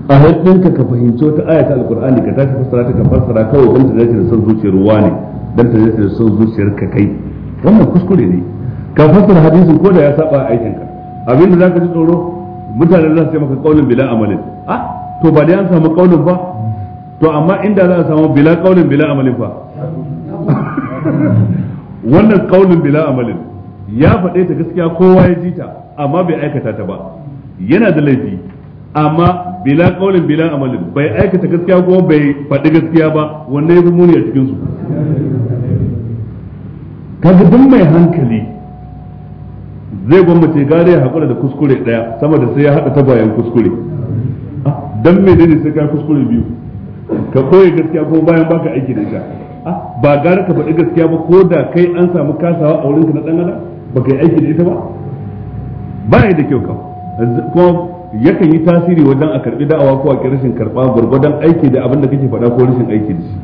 a hannunka ka fahimci wata ayata alkur'ani ka tashi fassara ta ka fassara kawai dan ta dace da son zuciyar ne, don ta dace da son zuciyar ka kai wannan kuskure ne ka fassara hadisin ko da ya saba a aikinka. abin da zaka ji tsoro mutane za su ce maka kaulin bila amalin ah to ba dai an samu kaulin ba to amma inda za a samu bila kaulin bila amalin fa [LAUGHS] wannan kaulin bila amalin ya faɗe ta gaskiya kowa ya ji ta amma bai aikata ta ba yana da laifi amma bila kaulin bila amalin bai aikata gaskiya ko bai faɗi gaskiya ba wannan yafi muni a cikin su kaga duk mai hankali zai gwammace gare ya haƙura da kuskure ɗaya sama da sai ya haɗa bayan kuskure ah, dan menene sai ka kuskure biyu ka koyi gaskiya ko bayan baka aiki da ita ah, ba gare ka faɗi gaskiya ba ko da kai an samu kasawa a wurinka na ɗan adam ba ka yi aiki da ita ba ba da kyau ka yakan yi tasiri wajen a karbi da'awa ko a ki rashin karba gurgurdan aiki da abin da kake faɗa ko rashin aiki da shi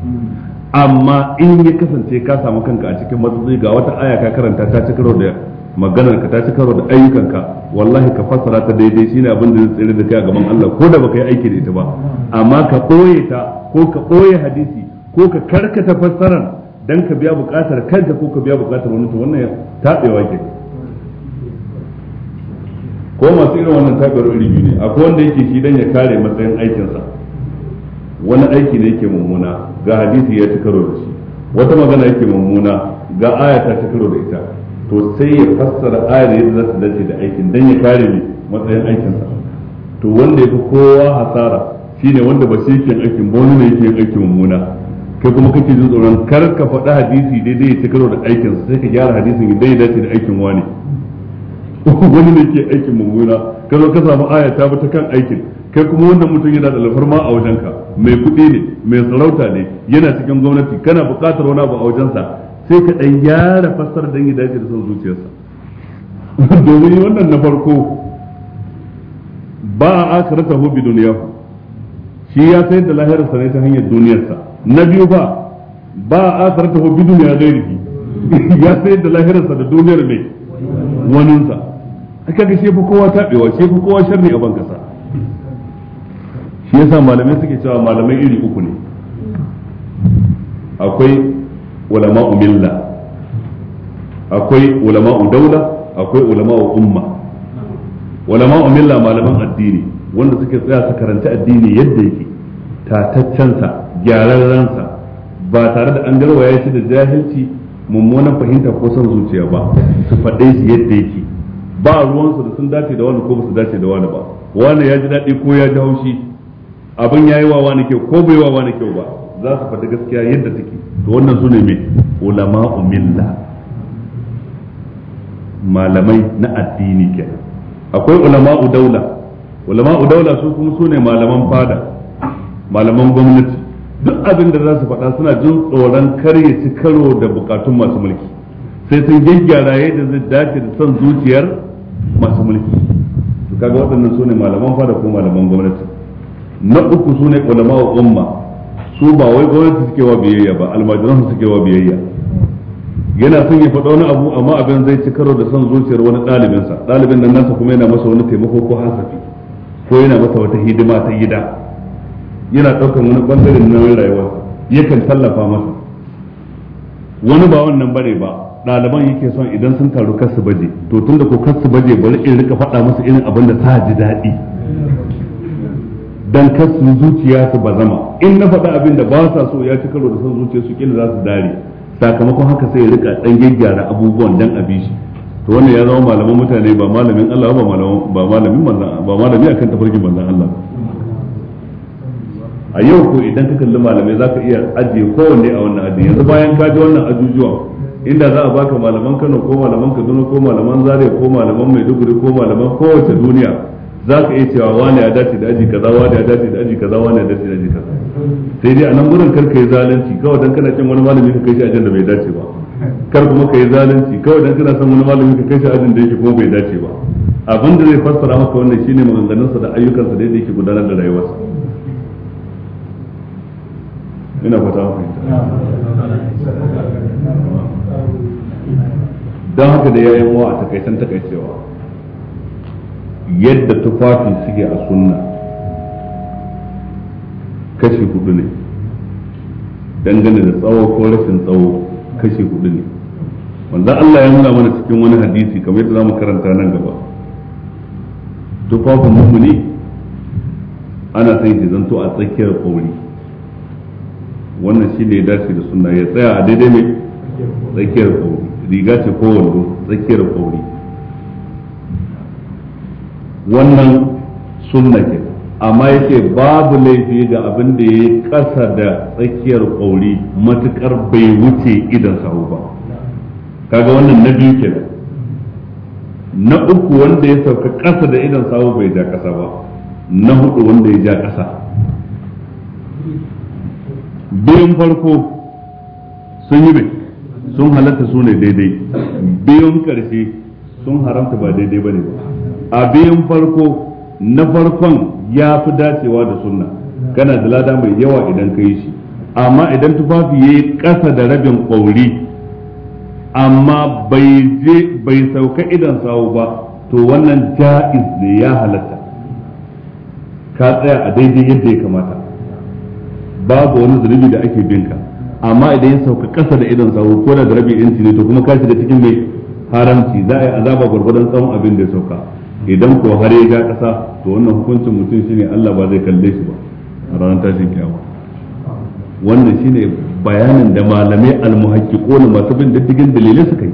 amma in ya kasance ka samu kanka a cikin matsatsi ga wata aya ka karanta ta ci karo da maganar ka ta ci karo da ayyukanka wallahi ka fassara ta daidai shine abin da zai tsere da kai a gaban Allah ko da baka yi aiki da ita ba amma ka koye ta ko ka koye hadisi ko ka karkata fassarar dan ka biya buƙatar kanka ko ka biya buƙatar wani to wannan tabewa ke ko masu irin wannan tagar iri ne akwai wanda yake shi dan ya kare matsayin aikinsa wani aiki ne yake mummuna ga hadisi ya ci karo da shi wata magana yake mummuna ga aya ta ci karo da ita to sai ya fassara ayar yadda za su dace da aikin dan ya kare ne matsayin aikinsa to wanda ya fi kowa hasara shine wanda ba shi yake aikin ba wani ne yake yin aikin mummuna kai kuma kake jin tsoron kar ka faɗi hadisi daidai ya ci karo da aikinsa sai ka gyara hadisin idan ya dace da aikin wani [LAUGHS] wani ne ke aikin mummuna ka zo ka samu aya ta ta kan aikin kai kuma wannan mutum yana da alfarma a wajenka mai kuɗi ne mai sarauta ne yana cikin gwamnati kana buƙatar wani abu a wajensa sai ka ɗan yara fassar don ya dace da son zuciyarsa [LAUGHS] domin wannan na farko ba a akarata hobi duniya shi ya sayar da lahirarsa ne ta hanyar duniyarsa na biyu ba ba a akarata hobi duniya gairiki [LAUGHS] ya sayar da lahirarsa da duniyar mai waninsa haka ga shefa kowa taɓewa shefa kowa sharri a ban kasa shi yasa malamai suke cewa malamai iri uku ne akwai ulama umilla akwai ulama daula akwai ulama umma ulama umilla malaman addini wanda suke tsaya su karanta addini yadda yake tataccansa gyararransa ba tare da an garwaya shi da jahilci mummunan fahimta ko son zuciya ba su faɗe shi yadda yake ba ruwansu da sun dace da wani ko ba su dace da wani ba wani ya ji daɗi ko ya ji haushi abin ya yi wa wani kyau ko bai wa wani kyau ba za su faɗi gaskiya yadda take to wannan su ne mai ulama umilla malamai na addini kenan akwai ulama daula ulama daula su kuma su ne malaman fada malaman gwamnati duk abin da za su faɗa suna jin tsoron karye ya ci karo da bukatun masu mulki sai sun gyaggyara yadda zai dace da son zuciyar masu mulki to kaga waɗannan su ne malaman fada ko malaman gwamnati na uku su ne ulama wa umma su ba wai gwamnati suke wa biyayya ba almajiran suke wa biyayya yana son ya faɗa wani abu amma abin zai ci karo da son zuciyar wani ɗalibinsa ɗalibin nan nasa kuma yana masa wani taimako ko hasafi ko yana masa wata hidima ta gida yana ɗaukar wani ɓangaren nauyin rayuwa yakan tallafa masa wani ba wannan bare ba ɗaliban yake son idan sun taru kar su baje to tun da ko kar su baje bari in rika faɗa masa irin abin da ta ji daɗi dan kar su zuciya su ba zama in na faɗa abin da ba sa so ya ci karo da son zuciya su kila za su dare sakamakon haka sai ya rika ɗan gyaggyara abubuwan dan abi shi to wannan ya zama malaman mutane ba malamin Allah ba malamin ba malamin ba malami akan tafarkin manzon Allah a yau ko idan ka kalli malamai za ka iya ajiye kowanne a wannan ajiye yanzu bayan ka ji wannan ajujuwa inda za a baka malaman kano ko malaman kaduna ko malaman zare ko malaman maiduguri ko malaman kowace duniya za ka iya cewa wani ya dace da aji kaza wani ya dace da aji kaza wani ya dace da aji kaza sai dai a nan gurin kar ka yi zalunci kawai dan kana cin wani malami ka kai shi ajin da bai dace ba kar kuma ka yi zalunci kawai dan kana son wani malami ka kai shi ajin da yake kuma bai dace ba abin da zai fassara maka wannan shine maganganunsa da ayyukansa da yake gudanar da rayuwarsa ina fata mu don haka da yayin wa a takaitan takaicewa yadda tufafi suke a sunna kashi hudu ne dangane da tsawo ko rashin tsawo kashi hudu ne wanda Allah ya nuna mana cikin wani hadisi kamar yadda zamu karanta nan gaba tufafin mummuni ana son shi zanto a tsakiyar kauri wannan shi ne ya dace da sunna ya tsaya a daidai mai tsakiyar kauri riga ce ko wando tsakiyar kauri wannan sunna ke amma yace babu laifi ga abin da yi ƙasa da tsakiyar kauri matukar bai wuce idan sahu ba kaga wannan na biyu ke na uku wanda ya sauka ƙasa da idan sahu bai ja ƙasa ba na hudu wanda ya ja ƙasa. biyun farko sun yi sun halatta su ne daidai biyun karshe sun haramta ba daidai ba ne ba a biyun farko na farkon ya fi dacewa da sunna kana da lada mai yawa idan ka yi shi amma idan tufafi ya yi ƙasa da rabin ƙauri amma bai sauka idan sawu ba to wannan ja'iz ne ya halatta ka tsaya a daidai yadda ya kamata babu wani zunubi da ake bin ka amma idan ya sauka kasa da idan sahu ko da rabi inci ne to kuma kashi da cikin mai haramci za a yi azaba gwargwadon tsawon abin da ya sauka idan ko har ya ga kasa to wannan hukuncin mutum shine Allah ba zai kalle shi ba a ranar tashin kiyama wannan shine bayanin da malamai ko almuhaqqiquna masu bin diddigin dalilai suka yi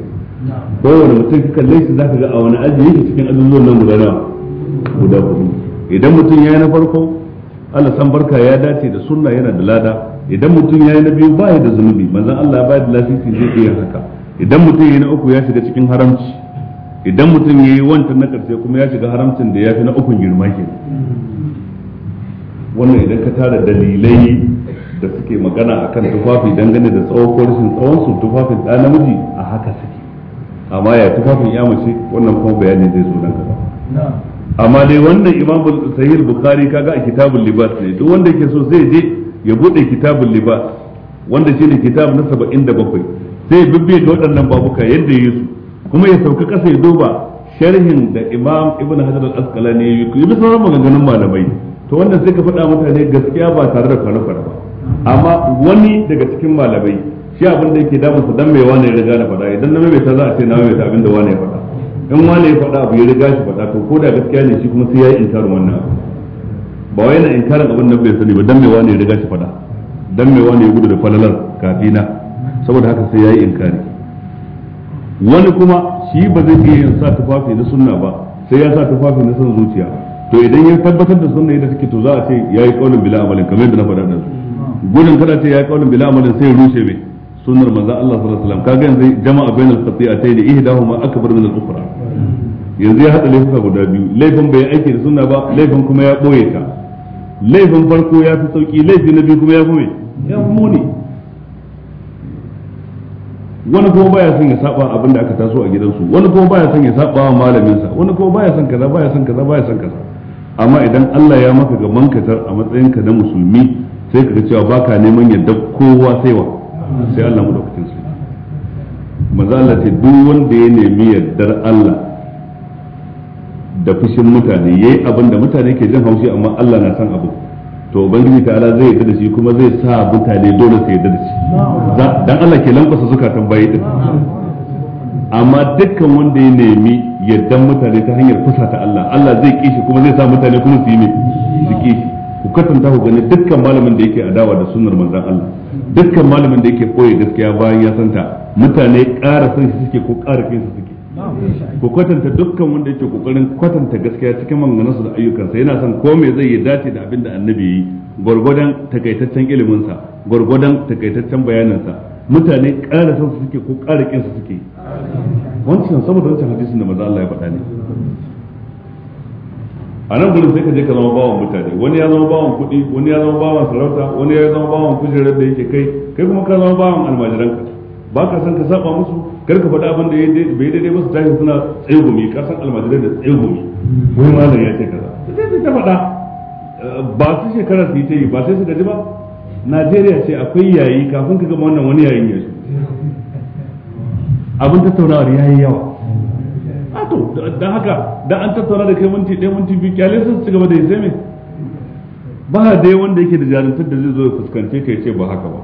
kowane mutum ka kalle shi zaka ga a wani aji yake cikin azuzuwan nan guda na guda hudu idan mutum ya yi na farko Allah san barka ya dace da sunna yana da lada idan mutum ya yi na biyu ba ya da zunubi manzan Allah ba da lasisi zai iya haka idan mutum ya yi na uku ya shiga cikin haramci idan mutum ya yi wancan na karshe kuma ya shiga haramcin da ya fi na ukun girma ke wannan idan ka tara dalilai da suke magana a kan tufafi dangane da tsawon ko tsawon su tufafin da namiji a haka suke amma ya tufafin ya mace wannan kuma bayani zai zo nan gaba amma dai wannan imam sahih bukhari kaga a kitabul libas ne duk wanda yake so zai je ya bude kitabul libas wanda shi ne kitab na 77 sai ya bibbe da waɗannan babuka yadda ya yi su kuma ya sauka ƙasa ya duba sharhin da imam ibn hajar al-asqalani ya yi yi sauran maganganun malamai to wannan sai ka faɗa mutane gaskiya ba tare da kwana-kwana ba amma wani daga cikin malamai shi abin da yake damunsa dan mai wani ya riga na faɗa idan na ta za a ce na ta abin da wani ya faɗa in wani ya faɗa abu ya riga shi faɗa to ko da gaskiya ne shi kuma sai ya yi inkarin wannan abu ba wai na inkarin abin da bai sani ba dan me wani ya riga shi faɗa dan me wani ya gudu da falalar kafina saboda haka sai ya yi inkari wani kuma shi ba zai iya yin sa tufafi na sunna ba sai ya sa tufafi na son zuciya to idan ya tabbatar da sunna yadda take to za a ce ya yi kaulin bila amalin kamar yadda na faɗa ɗansu gudun kada ce ya yi kaulin bila amalin sai ya rushe mai sunnar manzon Allah sallallahu alaihi wasallam kaga yanzu jama'a bainal khati'atayn ihdahuma akbar min al-ukhra yanzu ya hada laifuka guda biyu laifin bai aiki da sunna ba laifin kuma ya boye ta laifin farko ya fi sauki laifin na biyu kuma ya fi ya fi muni wani kuma baya son ya saba abin da aka taso a gidansu wani kuma baya son ya saba wa malaminsa wani kuma baya son kaza baya son kaza baya son kaza amma idan Allah ya maka ga mankatar a matsayinka na musulmi sai ka ga cewa baka neman yadda kowa sai wa sai Allah mu lokacin su manzo Allah ce duk wanda ya nemi yardar Allah da fushin mutane yayi abin da mutane ke jin haushi amma Allah na san abu to ubangiji Allah zai yarda da shi kuma zai sa mutane dole su yarda da shi dan Allah ke lankwasa zukatan bayi din amma dukkan wanda ya nemi yardan mutane ta hanyar fusata Allah Allah zai kishi kuma zai sa mutane kuma su yi mai su kishi kwatanta ku gani dukkan malamin da yake adawa da sunnar manzon Allah dukkan malamin da yake koyi gaskiya bayan ya santa mutane ƙara san shi suke ko ƙara fin su suke ku kwatanta dukkan wanda yake kokarin kwatanta gaskiya cikin maganganunsa da ayyukansa yana son ko me zai yi dace da abin da annabi yi gwargwadon takaitaccen iliminsa gwargwadon takaitaccen bayaninsa mutane ƙara san su suke ko ƙara kin su suke wancan saboda wancan hadisin da manzon Allah ya faɗa ne a nan gudun sai ka je ka zama bawan mutane wani ya zama bawan kuɗi wani ya zama bawan sarauta wani ya zama bawan kujerar da yake kai kai kuma ka zama bawan almajiranka ba ka san ka saba musu kar ka faɗa abin da bai daidai ba su tashi suna tsegumi ka san almajiran da tsegumi wani malam ya ce ka sai ta faɗa ba su shekara su yi ta yi ba sai su gaji ba najeriya ce akwai yayi kafin ka gama wannan wani yayin ya abin tattaunawar yi yawa to da haka da an tattauna da kai minti ɗaya minti biyu kyale sun ci gaba da yace me ba dai wanda yake da jarumtar da zai zo ya fuskance ka ce ba haka ba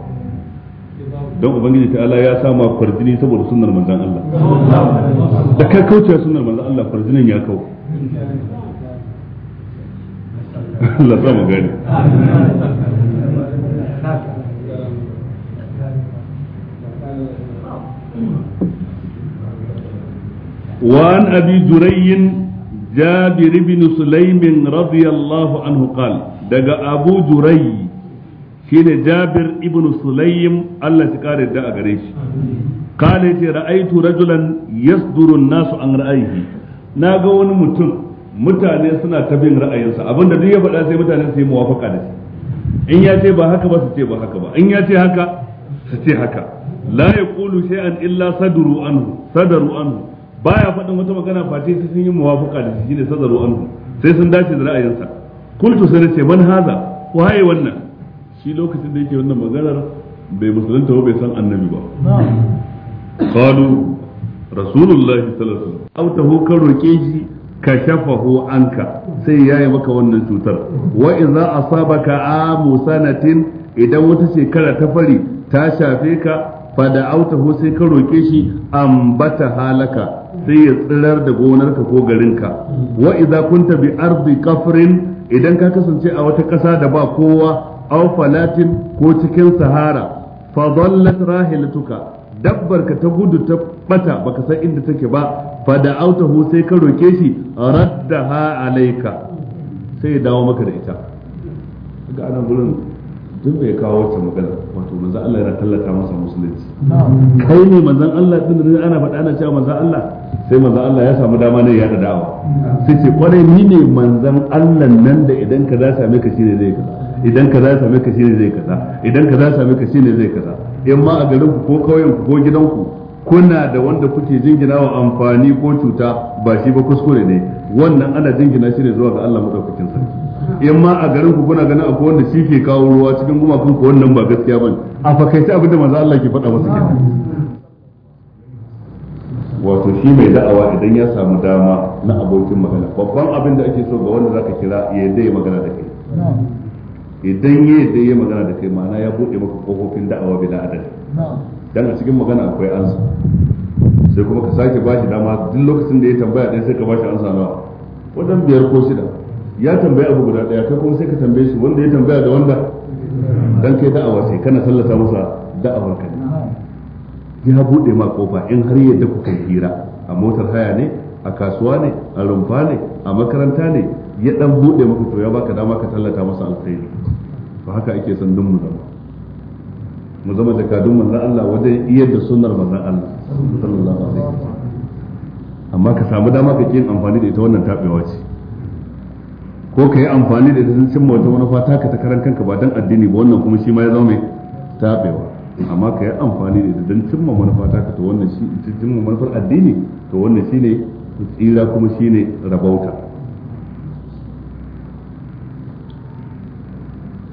don ubangiji ta Allah ya sama farjini saboda sunnar manzon Allah da kai kauce sunnar manzon Allah farjinin ya kau [LAUGHS] Allah sa mu gani وعن أبي جري جابر بن سليم رضي الله عنه قال دقى أبو جري شين جابر بن سليم الله تكار الداء قريش قال رأيت رجلا يصدر الناس عن رأيه ناقون متن mutane suna ta ra'ayinsa, ra'ayinsa abinda duk ya faɗa sai mutane su yi muwafaka da shi in ya ce ba haka ba su ce ba haka ba in ya ce haka su ce haka la kulu shay'an illa sadru anhu anhu baya faɗin wata magana face sai sun yi muwafaqa da shi ne sazaru anhu sai sun dace da ra'ayinsa kultu sai nace man haza waye wannan shi lokacin da yake wannan maganar bai musulunta ba bai san annabi ba qalu rasulullahi sallallahu alaihi wasallam au ka roke shi ka shafahu anka sai yayi maka wannan cutar wa idza asabaka amu sanatin idan wata shekara ta fari ta shafe ka fa da ho sai ka roke shi ambata halaka sai ya tsirar da gonarka ko garinka wa idza kunta bi ardi kafrin idan ka kasance a wata ƙasa da ba kowa aw falatin ko cikin sahara fa dallat rahilatuka ka ta gudu ta bata baka san inda take ba fa da ho sai ka roke shi raddaha alayka sai ya dawo maka da ita ga anan gurin duk bai kawo wata magana wato manzo Allah yana tallata masa musulunci kai ne manzo Allah din da ana faɗa ana cewa manzo Allah sai manzo Allah ya samu dama ne ya da da'awa sai ce kwarai ni ne manzo Allah nan da idan ka za same ka shine zai kaza idan ka za same ka shine zai kaza idan ka za same ka shine zai kaza in ma a garin ku ko kauyen ku ko gidan ku kuna da wanda kuke jingina wa amfani ko cuta ba shi ba kuskure ne wannan ana jingina shi ne zuwa ga Allah madaukakin sarki in ma a garin ku kuna ganin akwai wanda shi ke kawo ruwa cikin gumakun ku wannan ba gaskiya bane a fakaice abinda manzo Allah ke faɗa masa kenan wato shi mai da'awa idan ya samu dama na abokin magana babban abin da ake so ga wanda zaka kira ya yadda ya magana da kai idan ya yadda ya magana da kai ma'ana ya bude maka kofofin da'awa bila adadi dan a cikin magana akwai ansa sai kuma ka sake bashi dama duk lokacin da ya tambaya dai sai ka bashi ansa nawa wadan biyar ko shida ya tambaya abu guda daya kai kuma sai ka tambaye shi wanda ya tambaya da wanda dan kai da'awa sai kana sallata masa da'awar ka ya bude ma kofa in har yadda ku kai hira a motar haya ne a kasuwa ne a rumfa ne a makaranta ne ya dan bude maka to ya baka dama ka tallata masa alkhairi to haka ake son dun mu zama mu zama jakadun manzon Allah wajen iya da sunnar manzon Allah sallallahu alaihi wasallam amma ka samu dama ka yin amfani da ita wannan tabewa ce ko ka yi amfani da ita sun cimma wata manufa taka ta karan kanka ba dan addini ba wannan kuma shi ma ya zama mai tabewa amma ka yi amfani da ita don cimma manufa taka ta wannan shi cimma manufar addini to wannan shine tsira kuma shine rabauta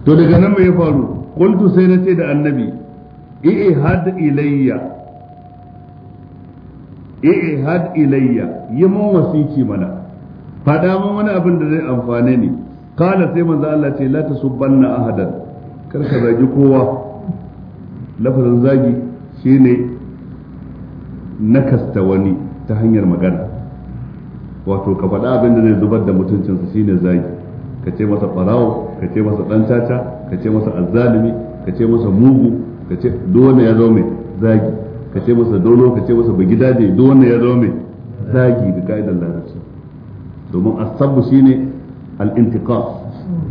to daga nan mai faru qultu sai na ce da annabi had ilayya had ilayya yi mun wasici mana fada min wani abin da zai amfane ni kala sai manzo Allah ce la tasubbanna ahadan kar ka zagi kowa lafazin zagi shine nakasta wani ta hanyar magana wato ka faɗa abin da zai zubar da mutuncinsa shine zagi ka ce masa farawo ka ce masa dan caca ka ce masa azzalimi ka ce masa mugu ka ce dole ya zo mai zagi ka ce masa dono ka ce masa dai, dole ya zo mai zagi da ka'idar larabci domin asabu shine al'intika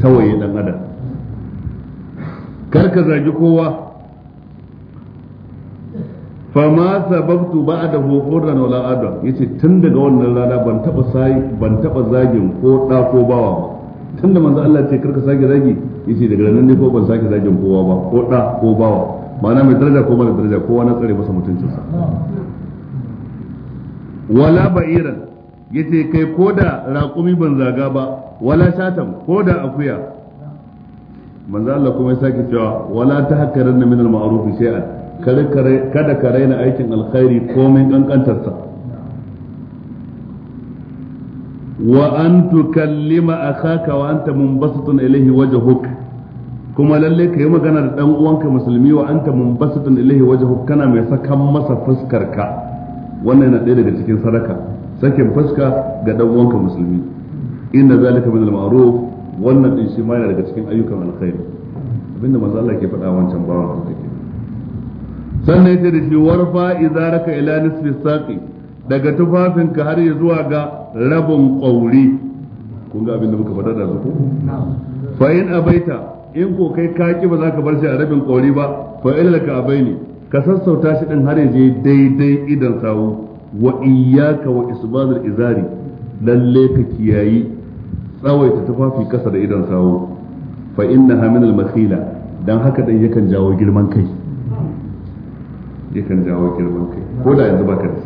ta waye dan adam karka zagi kowa fama sababtu ba'dahu hurran wala adam ce tun daga wannan rana ban taba sai ban taba zagin ko da ko bawa ba tun da manzo Allah ce karka sake zagi ce daga ranar ne ko ban sake zagin kowa ba ko da ko bawa ma'ana mai daraja ko mara daraja kowa na tsare masa mutuncinsa wala ba'iran yace kai ko da raƙumi ban zaga ba wala shatan ko da akuya manzo Allah kuma ya sake cewa wala tahakkaranna min al-ma'ruf shay'an kada ka raina aikin alkhairi komai kankantarsa wa an tukallima akhaka wa anta munbasitun ilayhi wajhuk kuma lalle ka yi magana da dan uwanka musulmi wa anta munbasitun ilayhi wajhuk kana mai sakan masa fuskarka wannan yana ɗaya daga cikin sadaka sakin fuska ga dan uwanka musulmi inna zalika min al-ma'ruf wannan din shi ma yana daga cikin ayyukan alkhairi abinda manzo Allah ke faɗa wancan ba Allah ke sannan yace da shi warfa izaraka ila nisfi saqi daga tufafinka har ya zuwa ga rabin qauri kun ga abinda muka faɗa da su ko fa in abaita in ko kai ka ki ba za ka bar shi a rabin qauri ba fa illaka abaini ka sassauta shi din har ya je daidai idan sawu wa iyyaka wa isbadul izari lalle ka kiyayi tsawaita tufafi kasa da idan sawo fa innaha min al dan haka dan yakan jawo girman kai yakan jawo girman kai ko da yanzu baka da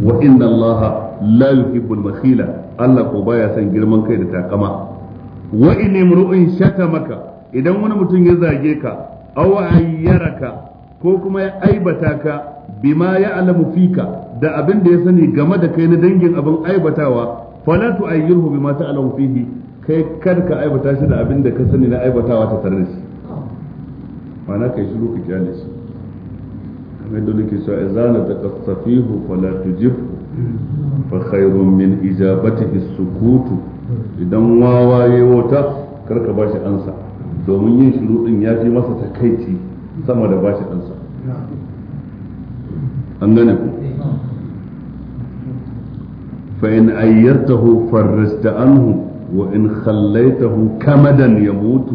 wa inna allaha la yuhibbu al Allah ko baya son girman kai da takama wa in imru'in shatamaka idan wani mutum ya zage ka aw ayyaraka ko kuma ya aibata ka bima ya alamu fika da abin da ya sani game da kai na dangin abin aibatawa fala tu'ayyirhu bima ta'lamu fihi kai kar ka aibata shi da abin da ka sani na aibatawa ta tare da shi ma'ana kai shiru ka kyale shi kamar da nake so izana taqassafihu fala tujibhu fa khairun min ijabatihi sukutu idan wawaye yayi wata kar ka bashi ansa domin yin shiru din ya fi masa takaici sama da bashi ansa an gane ku فإن أيرته فرجت عنه وإن خليته كمدا يموت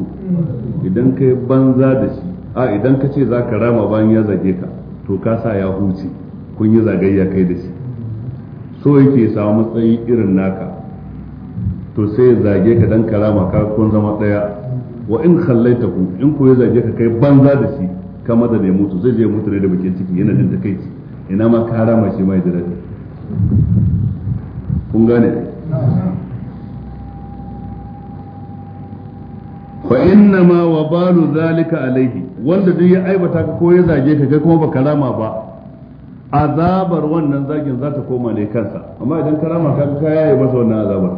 إذن كي بنزا دشي آه إذن كي ذاك راما بان يزاجيكا to ka sa ya huce kun yi zagayya kai da shi so yake samu matsayi irin naka to sai ya zage ka dan karama ka kun zama daya wa in khallaita ku in ku ya zage ka kai banza da shi ka maza da ya mutu zai je mutu ne da bakin ciki yana jin kai ina ma ka rama shi mai da kun gane fa inna ma wa balu zalika alaihi wanda duk ya aibata ka ko ya zage ka kai kuma baka rama ba azabar wannan zagin za ta koma ne kansa amma idan ka rama ka ka yaye masa wannan azabar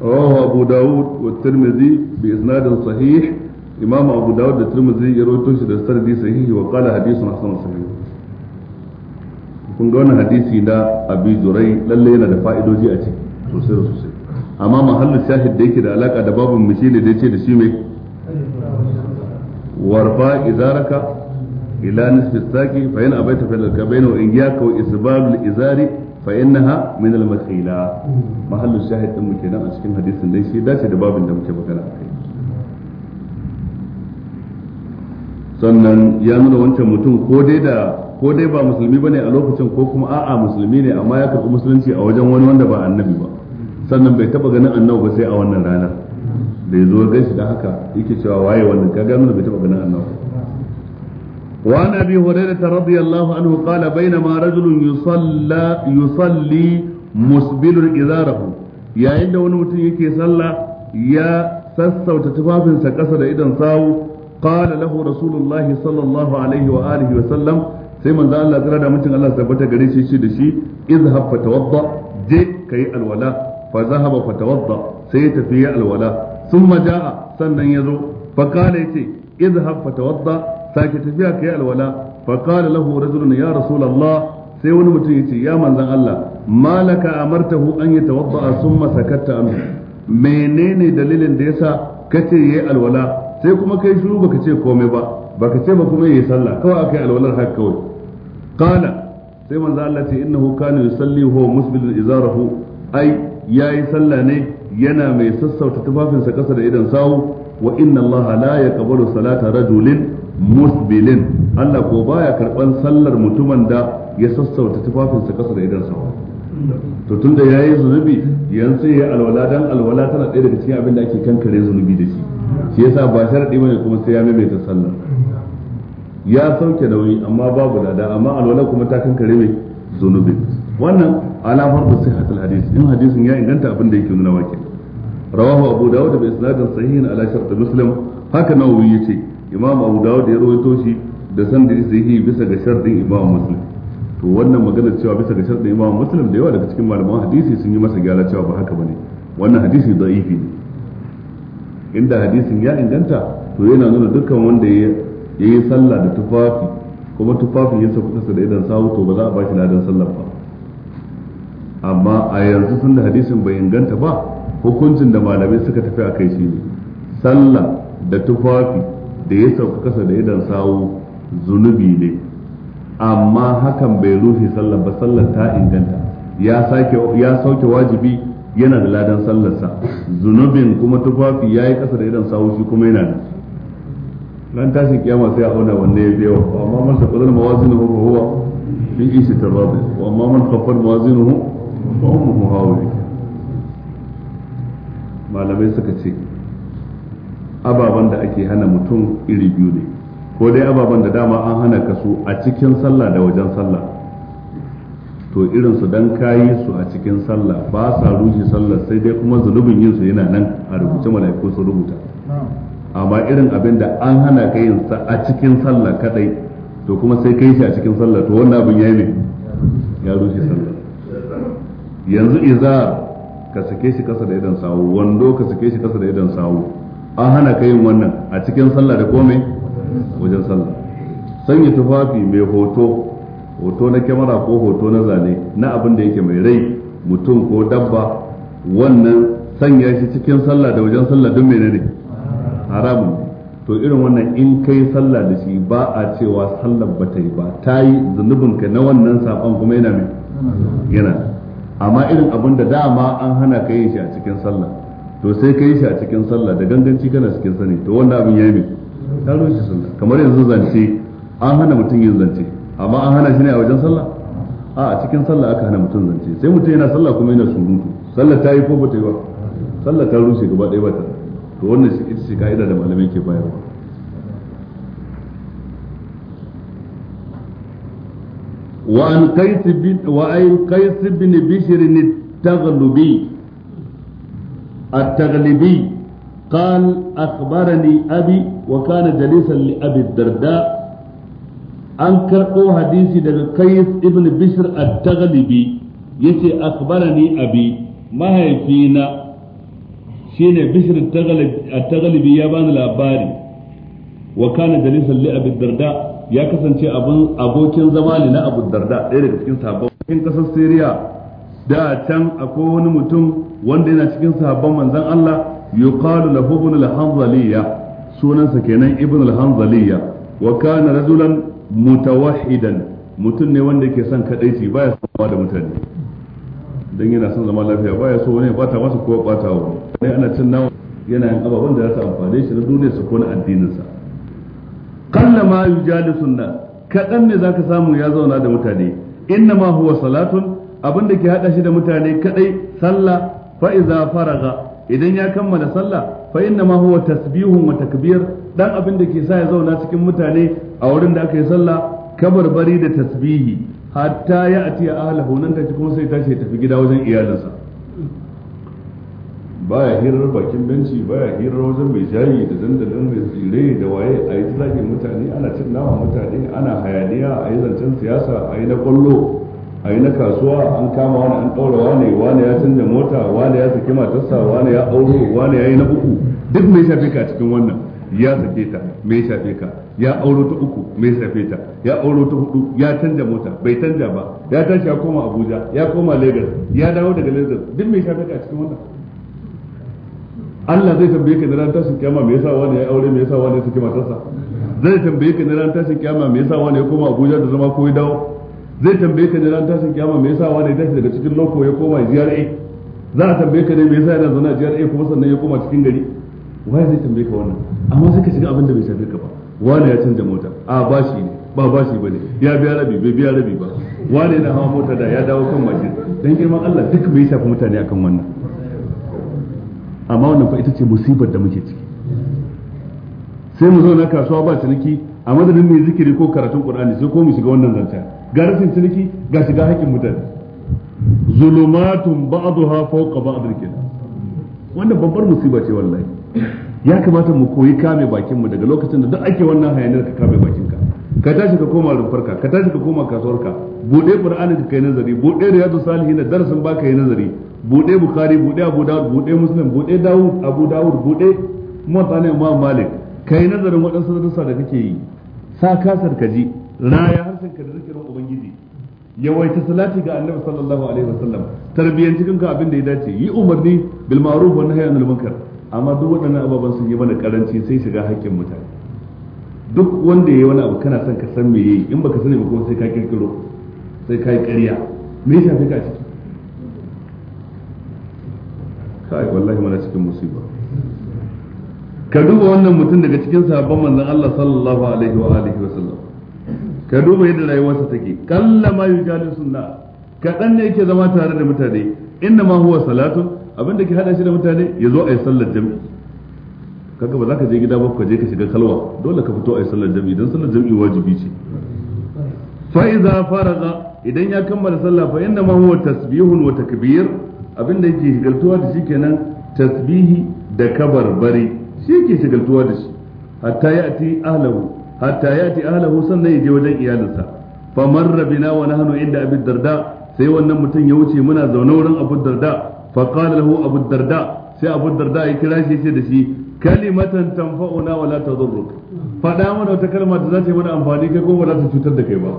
rawahu abu daud wa tirmidhi bi isnadin sahih imam abu daud da tirmidhi ya rawaito shi da sanadi sahihi wa qala hadithun hasan sahih kun ga wannan hadisi na abi zurai lalle yana da fa'idoji a ciki sosai da sosai amma mahallin shahid da yake da alaka da babun mishini da yace da shi mai warfa izaraka ila nisfi saki fa in abaita fil alkabain wa in yaka wa isbabul izari fa innaha min al makhila mahallin shahid din muke nan a cikin hadisin dai shi dace da babin da muke magana akai sannan ya nuna wancan mutum ko dai da ko dai ba musulmi bane a lokacin ko kuma a'a musulmi ne amma ya karɓi musulunci a wajen wani wanda ba annabi ba sannan bai taba ganin annabi ba sai a wannan rana. da ya zo gaishe da haka yake cewa waye wannan kaga nuna bai taba ganin annabi وعن ابي هريره رضي الله عنه قال بينما رجل يصلى يصلي مسبل ازاره يا عند wani mutum yake sallah ya sassauta tufafinsa kasa da idan sawu قال له رسول الله صلى الله عليه واله وسلم sai manzo Allah tsara da mutun Allah tabbata gare shi shi da shi izhab fatawadda je kai alwala fa zahaba fatawadda sai tafi ya alwala thumma jaa sannan yazo fa kala yace izhab fatawadda sake tafiya kai alwala fa kala lahu rajulun ya rasulullah sai wani mutum yace ya manzon Allah malaka amartahu an yatawadda thumma sakatta anhu menene dalilin da yasa kace yayi alwala sai kuma kai shiru baka ce komai ba baka ce ba kuma yayi sallah kawai akai alwalar haka kawai qala sai manzo Allah ce innahu kana yusalli huwa musbil izarahu ai yayi sallah ne yana mai sassauta tufafinsa kasa da idan sawu wa inna Allah kabaru yaqbalu salata rajulin musbilin Allah ko baya karban sallar mutumin da ya sassauta tufafinsa kasa da idon sawu to tunda yayi zunubi yanzu ya alwala dan alwala tana ɗaya daga cikin abin da ake kankare zunubi da shi shi yasa ba sharadi bane kuma sai ya maimaita sallah ya sauke nauyi amma babu lada amma alwala kuma ta kankare mai zunubin wannan alamar da sai hatal hadis in hadisin ya inganta abin da yake nuna wake rawahu abu dawud bi isnadin sahihin ala shart muslim haka nawawi yace imam abu dawud ya rawaito shi da da sahihi bisa ga shartin imam muslim to wannan magana cewa bisa ga shartin imam muslim da yawa daga cikin malaman hadisi sun yi masa gyara cewa ba haka bane wannan hadisi da'ifi ne inda hadisin ya inganta to yana nuna dukkan wanda ya ya yi sallah da tufafi kuma tufafin ya sauka kasa da idan sawu to ba za a ba shi ladan sallah ba amma a yanzu sun da hadisin bai inganta ba hukuncin da malamai suka tafi a kai shi ne sallah da tufafi da ya sauka kasa da idan sawu zunubi ne amma hakan bai rufe sallah ba sallar ta inganta ya sake ya sauke wajibi yana da ladan sallarsa zunubin kuma tufafi ya yi kasa da idan sawu shi kuma yana da nan tashin kiyama sai a auna wanne ya fi Wa amma man safadar mawazinuhu hu huwa fi isi tarabi wa amma man khaffar hu fa ummuhu hawiya malamai suka ce ababan da ake hana mutum iri biyu ne ko dai ababan da dama an hana ka su a cikin sallah da wajen sallah to irin su dan kayi su a cikin sallah ba sa rushe sallah sai dai kuma zulubin yin su yana nan a rubuce mala'iku su rubuta amma irin abin da an hana ka yin sa a cikin sallah kadai to kuma sai kai shi a cikin sallah to wannan abin yayi ne ya rushe sallah yanzu izar ka sake shi kasa da idan sawu wando ka sake shi kasa da idan sawu an hana ka yin wannan a cikin sallah da komai wajen sallah sanya tufafi mai hoto hoto na kyamara ko hoto na zane na abin da yake mai rai mutum ko dabba wannan sanya shi cikin sallah da wajen sallah duk menene ne haramun to irin wannan in kai sallah da shi ba a cewa sallar ba ta yi ba ta yi zunubinka na wannan saban kuma yana mai yana amma irin abin da dama an hana ka yi shi a cikin sallah to sai ka yi shi a cikin sallah da ganganci kana cikin sani to wanda abin ya yi ta rushe sallah kamar yanzu zance an hana mutum yin zance amma an hana shi ne a wajen sallah a a cikin sallah aka hana mutum zance sai mutum yana sallah kuma yana surutu sallah ta yi ko ba ta yi ba sallah ta rushe gaba ɗaya ba ta to wannan shi ita malamai ke bayarwa wa an qais bin wa ayn qais bin bishr ni taghlubi abi taghlibi قال أخبرني أبي وكان جليسا لأبي الدرداء أنكروا حديثي دل قيس ابن بشر التغلبي يتي أخبرني أبي shine bishr at-taghlibi ya bani labari wa kana jalisan li abi darda ya kasance abin abokin zama ne na abu darda ɗaya daga cikin sahabban cikin kasar Syria da can akwai wani mutum wanda yana cikin sahabban manzon Allah yuqalu lahu ibn al-hanzaliyya sunansa kenan ibn al-hanzaliyya wa kana rajulan mutawahhidan mutum ne wanda ke son kadaici baya samawa da mutane dan yana son zama lafiya baya so wani ya bata masa ko ya bata wa ne ana cin nawa yana yin ababen da za su amfane shi na duniya sa ko na addinin sa qalla ma yujalisun nas kadan ne zaka samu ya zauna da mutane inna ma huwa salatun abinda ke hada shi da mutane kadai sallah fa iza faraga idan ya kammala sallah fa inna ma huwa tasbihun wa takbir dan abin da ke sa ya zauna cikin mutane a wurin da aka yi sallah kabarbari da tasbihi hatta ya ati ya ahlahu nan da kuma sai tashi ya tafi gida wajen iyalinsa baya hirar bakin benci baya hirar wajen mai jayi da dandalin mai tsire da waye a yi tsirage mutane ana cin nama mutane ana hayaniya a yi zancen siyasa a yi na kwallo a yi na kasuwa an kama wani an ɗaura wani wani ya canza mota wani ya saki matarsa wani ya auro wani ya yi na uku duk mai shafi cikin wannan ya sake ta me ya shafe ka ya auro ta uku me ya shafe ta ya auro ta hudu ya canja mota bai canja ba ya tashi ya koma Abuja ya koma Lagos ya dawo daga Lagos duk me ya shafe ka a cikin wannan Allah zai tambaye ka na ran tashin kiyama me yasa wani ya aure me yasa wani ya saki matarsa zai tambaye ka na ran tashin kiyama me yasa wani ya koma Abuja da zama ko ya dawo zai tambaye ka na ran tashin kiyama me yasa wani ya tashi daga cikin loko ya koma GRA za a tambaye ka ne me yasa yana zaune GRA kuma sannan ya koma cikin gari waye zai tambaye ka wannan amma sai ka shiga abin da bai shafe ka ba wani ya canza mota a bashi ne ba bashi bane ya biya rabi bai biya rabi ba wani yana hawa mota da ya dawo kan mashin dan girman Allah duk bai shafi mutane akan wannan amma wannan fa ita ce musibar da muke ciki sai mu na kasuwa ba ciniki a madadin mai zikiri ko karatun Qur'ani sai ko mu shiga wannan zanta ga rashin ciniki ga shiga haƙƙin mutane zulumatun ba'daha fawqa ba'dikin kenan wannan babbar musiba ce wallahi ya kamata mu koyi kame bakin mu daga lokacin da duk ake wannan hayanar ka kame bakin ka ka tashi ka koma rufarka ka tashi ka koma kasuwarka bude qur'ani ka yi nazari bude riyadu salihin da darasin baka ka yi nazari bude bukhari bude abu dawud bude muslim bude dawud abu dawud bude mutane ma malik ka yi nazarin waɗansu darussa da kake yi sa ka ji raya harshen ka da zikirin ubangiji yawaita salati ga annabi sallallahu alaihi wasallam cikin kanka abin da ya dace yi umarni bil ma'ruf wa nahyi anil munkar amma duk waɗannan ababen sun yi mana karanci sai shiga haƙƙin mutane duk wanda ya yi wani abu kana son ka san me yi in baka sani ba kuma sai ka kirkiro sai ka yi ƙarya me ya shafi ka a ciki kai wallahi mana cikin musiba ka duba wannan mutum daga cikin sahabban manzon Allah sallallahu alaihi wa alihi wa sallam ka duba yadda rayuwarsa take kallama yujalisun na kaɗan ne yake zama tare da mutane inna ma huwa Salatu. abin da ke hada shi da mutane ya zo a yi sallar jami'i kaga ba za ka je gida ba ka je ka shiga kalwa dole ka fito a yi sallar jami'i don sallar jami'i wajibi ce fa iza faraga idan ya kammala sallah fa inna ma huwa tasbihun wa takbir abin da yake shigaltuwa da shi kenan tasbihi da kabarbari shi yake shigaltuwa da shi hatta ya'ti ahlahu hatta ya'ti ahlahu sannan ya je wajen iyalinsa fa marra bina wa nahnu inda abi darda sai wannan mutum ya wuce muna zaune wurin abu darda fa qala lahu abu darda sai abu darda ya kira shi sai da shi kalimatan tanfa'una wala tadurruk faɗa mana wata kalma da za ta yi mana amfani kai ko ba za ta cutar da kai ba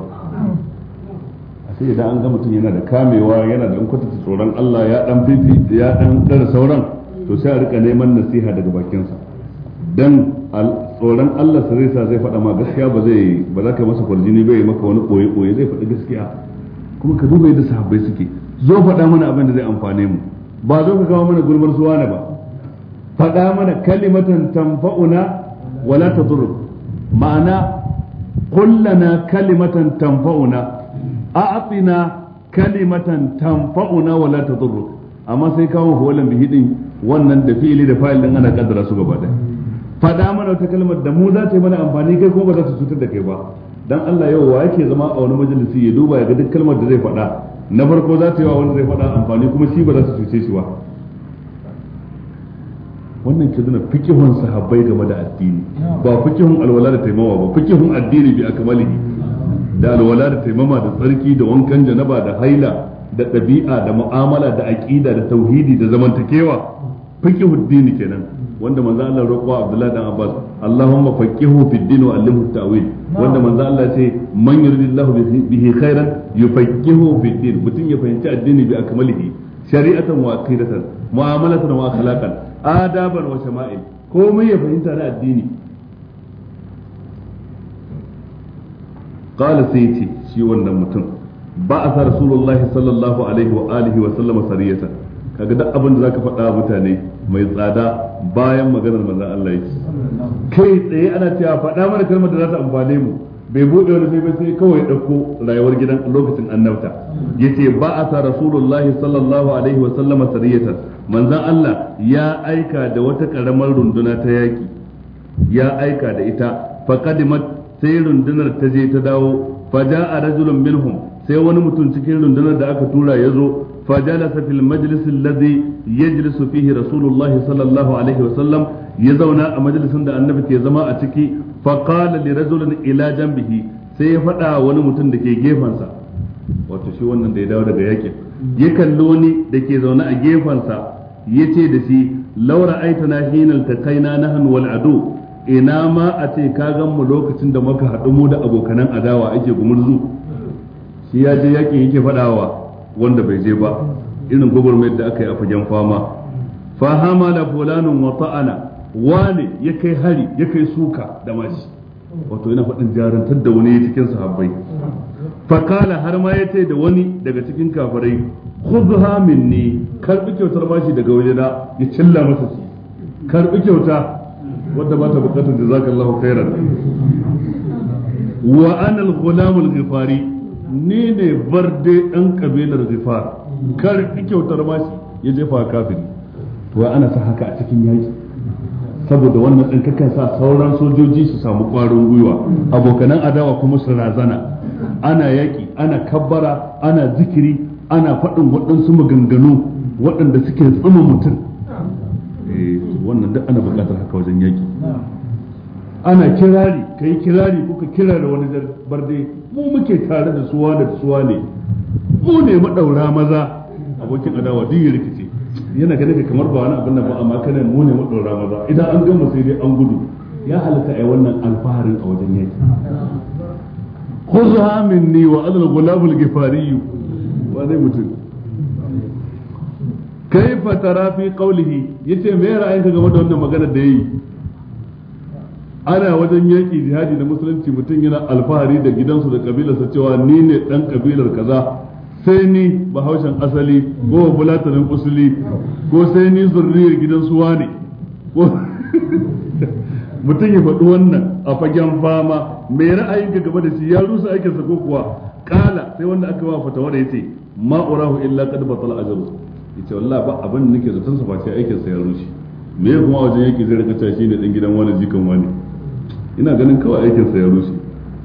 sai idan an ga mutum yana da kamewa yana da ta tsoron Allah ya dan fifi ya dan dara sauran to sai a rika neman nasiha daga bakinsa dan tsoron Allah sai sa zai faɗa ma gaskiya ba zai ba za ka masa kwaljini bai maka wani koyi koyi zai faɗi gaskiya kuma ka duba yadda sahabbai suke zo faɗa mana abin da zai amfane mu ba zo ka kawo mana gulmar suwa ne ba faɗa mana kalimatan tanfa'una wala tadur ma'ana kullana kalimatan tanfa'una afina kalimatan tanfa'una wala tadur amma sai kawo huwalan bihi din wannan da fi'ili da fa'il din ana kaddara su gaba ɗaya faɗa mana wata kalmar da mu za ta yi mana amfani kai kuma ba za ta cutar da kai ba dan Allah yau wa yake zama a wani majalisi ya duba ya ga duk kalmar da zai faɗa na farko za ta yi wa wanda zai faɗa amfani kuma shi ba za su cuce shi ba wannan ke nuna fikihun sahabbai game da addini ba fikihun alwala da taimama ba fikihun addini bi akmalihi da alwala da taimama da tsarki da wankan janaba da haila da ɗabi'a da mu'amala da aƙida da tauhidi da zamantakewa fikihun addini kenan wanda manzo Allah roƙo Abdullahi dan Abbas Allahumma faqihu fid din wa allimhu ta'wil wanda manzo Allah ce man yuridillahu bihi khairan yufaqihu fid din mutum ya fahimci addini bi akmalihi shari'atan wa aqidatan mu'amalatan wa akhlaqan adaban wa shama'il komai ya fahimta na addini qala sai ce shi wannan mutum ba a sa rasulullahi sallallahu alaihi wa alihi wa sallama sariyatan kaga duk abin da zaka faɗa mutane mai tsada bayan maganar manzon Allah yake kai tsaye ana cewa faɗa mana kalmar da za ta amfane mu bai bude wani sai sai kawai dauko rayuwar gidan lokacin annabta yace ba a sa rasulullahi sallallahu alaihi wa sallama sariyatan manzon Allah ya aika da wata karamar runduna ta yaki ya aika da ita faqadimat sai rundunar ta je ta dawo faja'a rajulun minhum sai wani mutum cikin rundunar da aka tura ya zo فجلس في المجلس الذي يجلس فيه رسول الله صلى الله عليه وسلم يزونا مجلس عند النبي كي زما أتكي فقال لرجل إلى جنبه سيفتا ونمتن دكي جيفنسا wato shi wannan da ya dawo daga yakin ya kallo ni da ke zaune a gefensa ya ce da shi laura aitana hinal ta kaina na hannu wal ado ina ma a ce ka gan lokacin da muka haɗu mu abokanan adawa ake gumurzu ya je yakin yake faɗawa wanda bai je ba irin gwagwarmayar da aka yi a fagen fama fahamala da fulanun wa ana wane ya kai hari ya kai suka da mashi wato yana faɗin jarantar da wani cikin sahabbai fakala har ma ya da wani daga cikin kafirai khudha ne karbi kyautar bashi daga wajena ya cilla masa shi karbi kyauta wadda ba ta bukatar jazakallahu khairan wa ana al-ghulam al-ghifari ni ne dai ɗan ƙabilar zifar kar kyautar mashi ya jefa kafiri to ana sa haka a cikin yaki saboda wannan ɗin kakan sa sauran sojoji su samu ƙwarin gwiwa abokanan adawa kuma su razana ana yaƙi ana kabbara ana zikiri ana faɗin waɗansu maganganu waɗanda suke tsuma mutum eh, wannan duk ana buƙatar haka wajen yaƙi ana kirari ka yi kirari kuka kira da wani bardai. mu muke tare da suwa da suwa ne mu ne madaura maza abokin adawa duk ya rikice yana ganin ka kamar ba wani abin nan ba amma kana mu ne madaura maza idan an gama sai dai an gudu ya halaka ai wannan alfaharin a wajen yaki khuzha minni wa adal gulabul gifari wa zai mutum kaifa tara fi qawlihi yace me ra'ayinka game da wannan magana da yayi ana wajen yaƙi jihadi na musulunci mutum yana alfahari da gidansu da kabilarsa cewa ni ne ɗan kabilar kaza sai ni bahaushen asali ko bulatanin usuli ko sai ni zurriyar gidan suwa ne [LAUGHS] mutum ya faɗi wannan a fagen fama mai ra'ayin ka gaba da shi ya rusa aikinsa ko kuwa kala sai wanda aka ba fatawa da yace ma urahu illa qad batala ajru yace wallahi ba abin da nake zaton sa face aikin sa ya rushe me kuma wajen yake zai rika cewa shine dan gidan wani jikan wani ina ganin kawai aikin sa ya rushe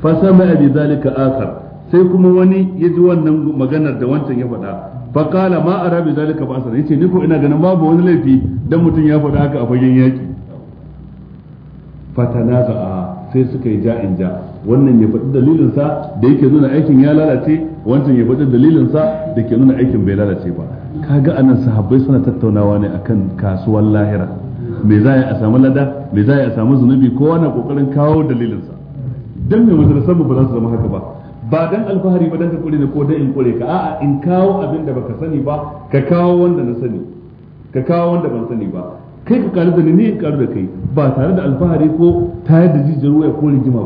fa sama abi zalika akhar sai kuma wani ya ji wannan maganar da wancan ya faɗa fa qala ma ara bi zalika ba yace ni ko ina ganin babu wani laifi dan mutum ya faɗa haka a fagen yaki fatanaza'a sai suka yi ja'in ja wannan ya faɗi dalilin sa da yake nuna aikin ya lalace wancan ya faɗi dalilin sa da ke nuna aikin bai lalace ba kaga anan sahabbai suna tattaunawa ne akan kasuwar lahira me za a samu lada me za a samu zunubi kowa na kokarin kawo dalilinsa dan me madrasar mu ba za su zama haka ba ba dan alfahari ba dan ka kure ne ko dan in kure ka a'a in kawo abin da baka sani ba ka kawo wanda na sani ka kawo wanda ban sani ba kai ka karu da ni ne in karu da kai ba tare da alfahari ko tayar da jijiyar waya ko rigima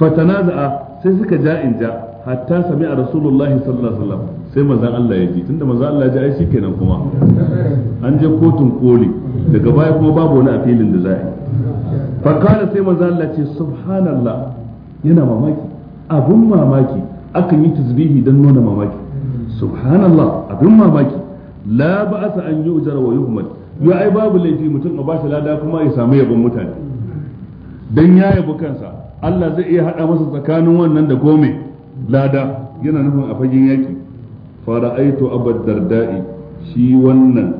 ba za'a sai suka ja in ja hatta a rasulullahi sallallahu alaihi wasallam sai manzan Allah ya ji tunda manzan Allah ya ji ai kenan kuma an je kotun koli daga baya kuma babu wani afilin da za a yi fa kana sai manzan Allah ce subhanallah yana mamaki abun mamaki akan yi tasbihi don nuna mamaki subhanallah abun mamaki la ba'asa an yu'jara wa yuhmad ya ai babu laifi mutum a bashi lada kuma ya samu yabon mutane dan ya yabi kansa Allah zai iya hada masa tsakanin wannan da gome lada yana nufin a fagen yaki fara'aitu abad darda'i shi wannan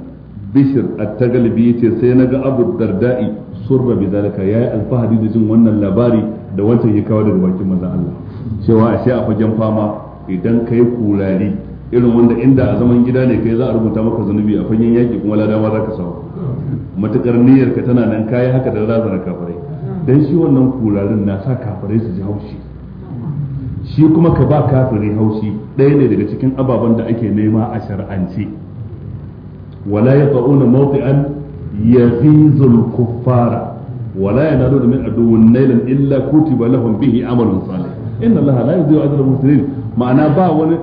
bishir at-tagalbi ce sai naga abu darda'i surba bi zalika yayi alfahari da jin wannan labari da wancan ya kawo daga bakin maza Allah cewa ashe a fagen fama idan kai kurari irin wanda inda a zaman gida ne kai za a rubuta maka zunubi a fagen yaki kuma lada ma za ka samu matukar niyyar ka tana nan kayi haka da razana kafirai dan shi wannan kurarin na sa kafirai su ji haushi shi kuma ka ba kafirai haushi ɗaya ne daga cikin ababen da ake nema a shar'ance wala yaqauna mawqi'an yaghizul kuffara ولا ينالون من عدو نيلا الا كتب لهم به عمل صالح ان الله لا يضيع اجر المحسنين ma'ana ba wani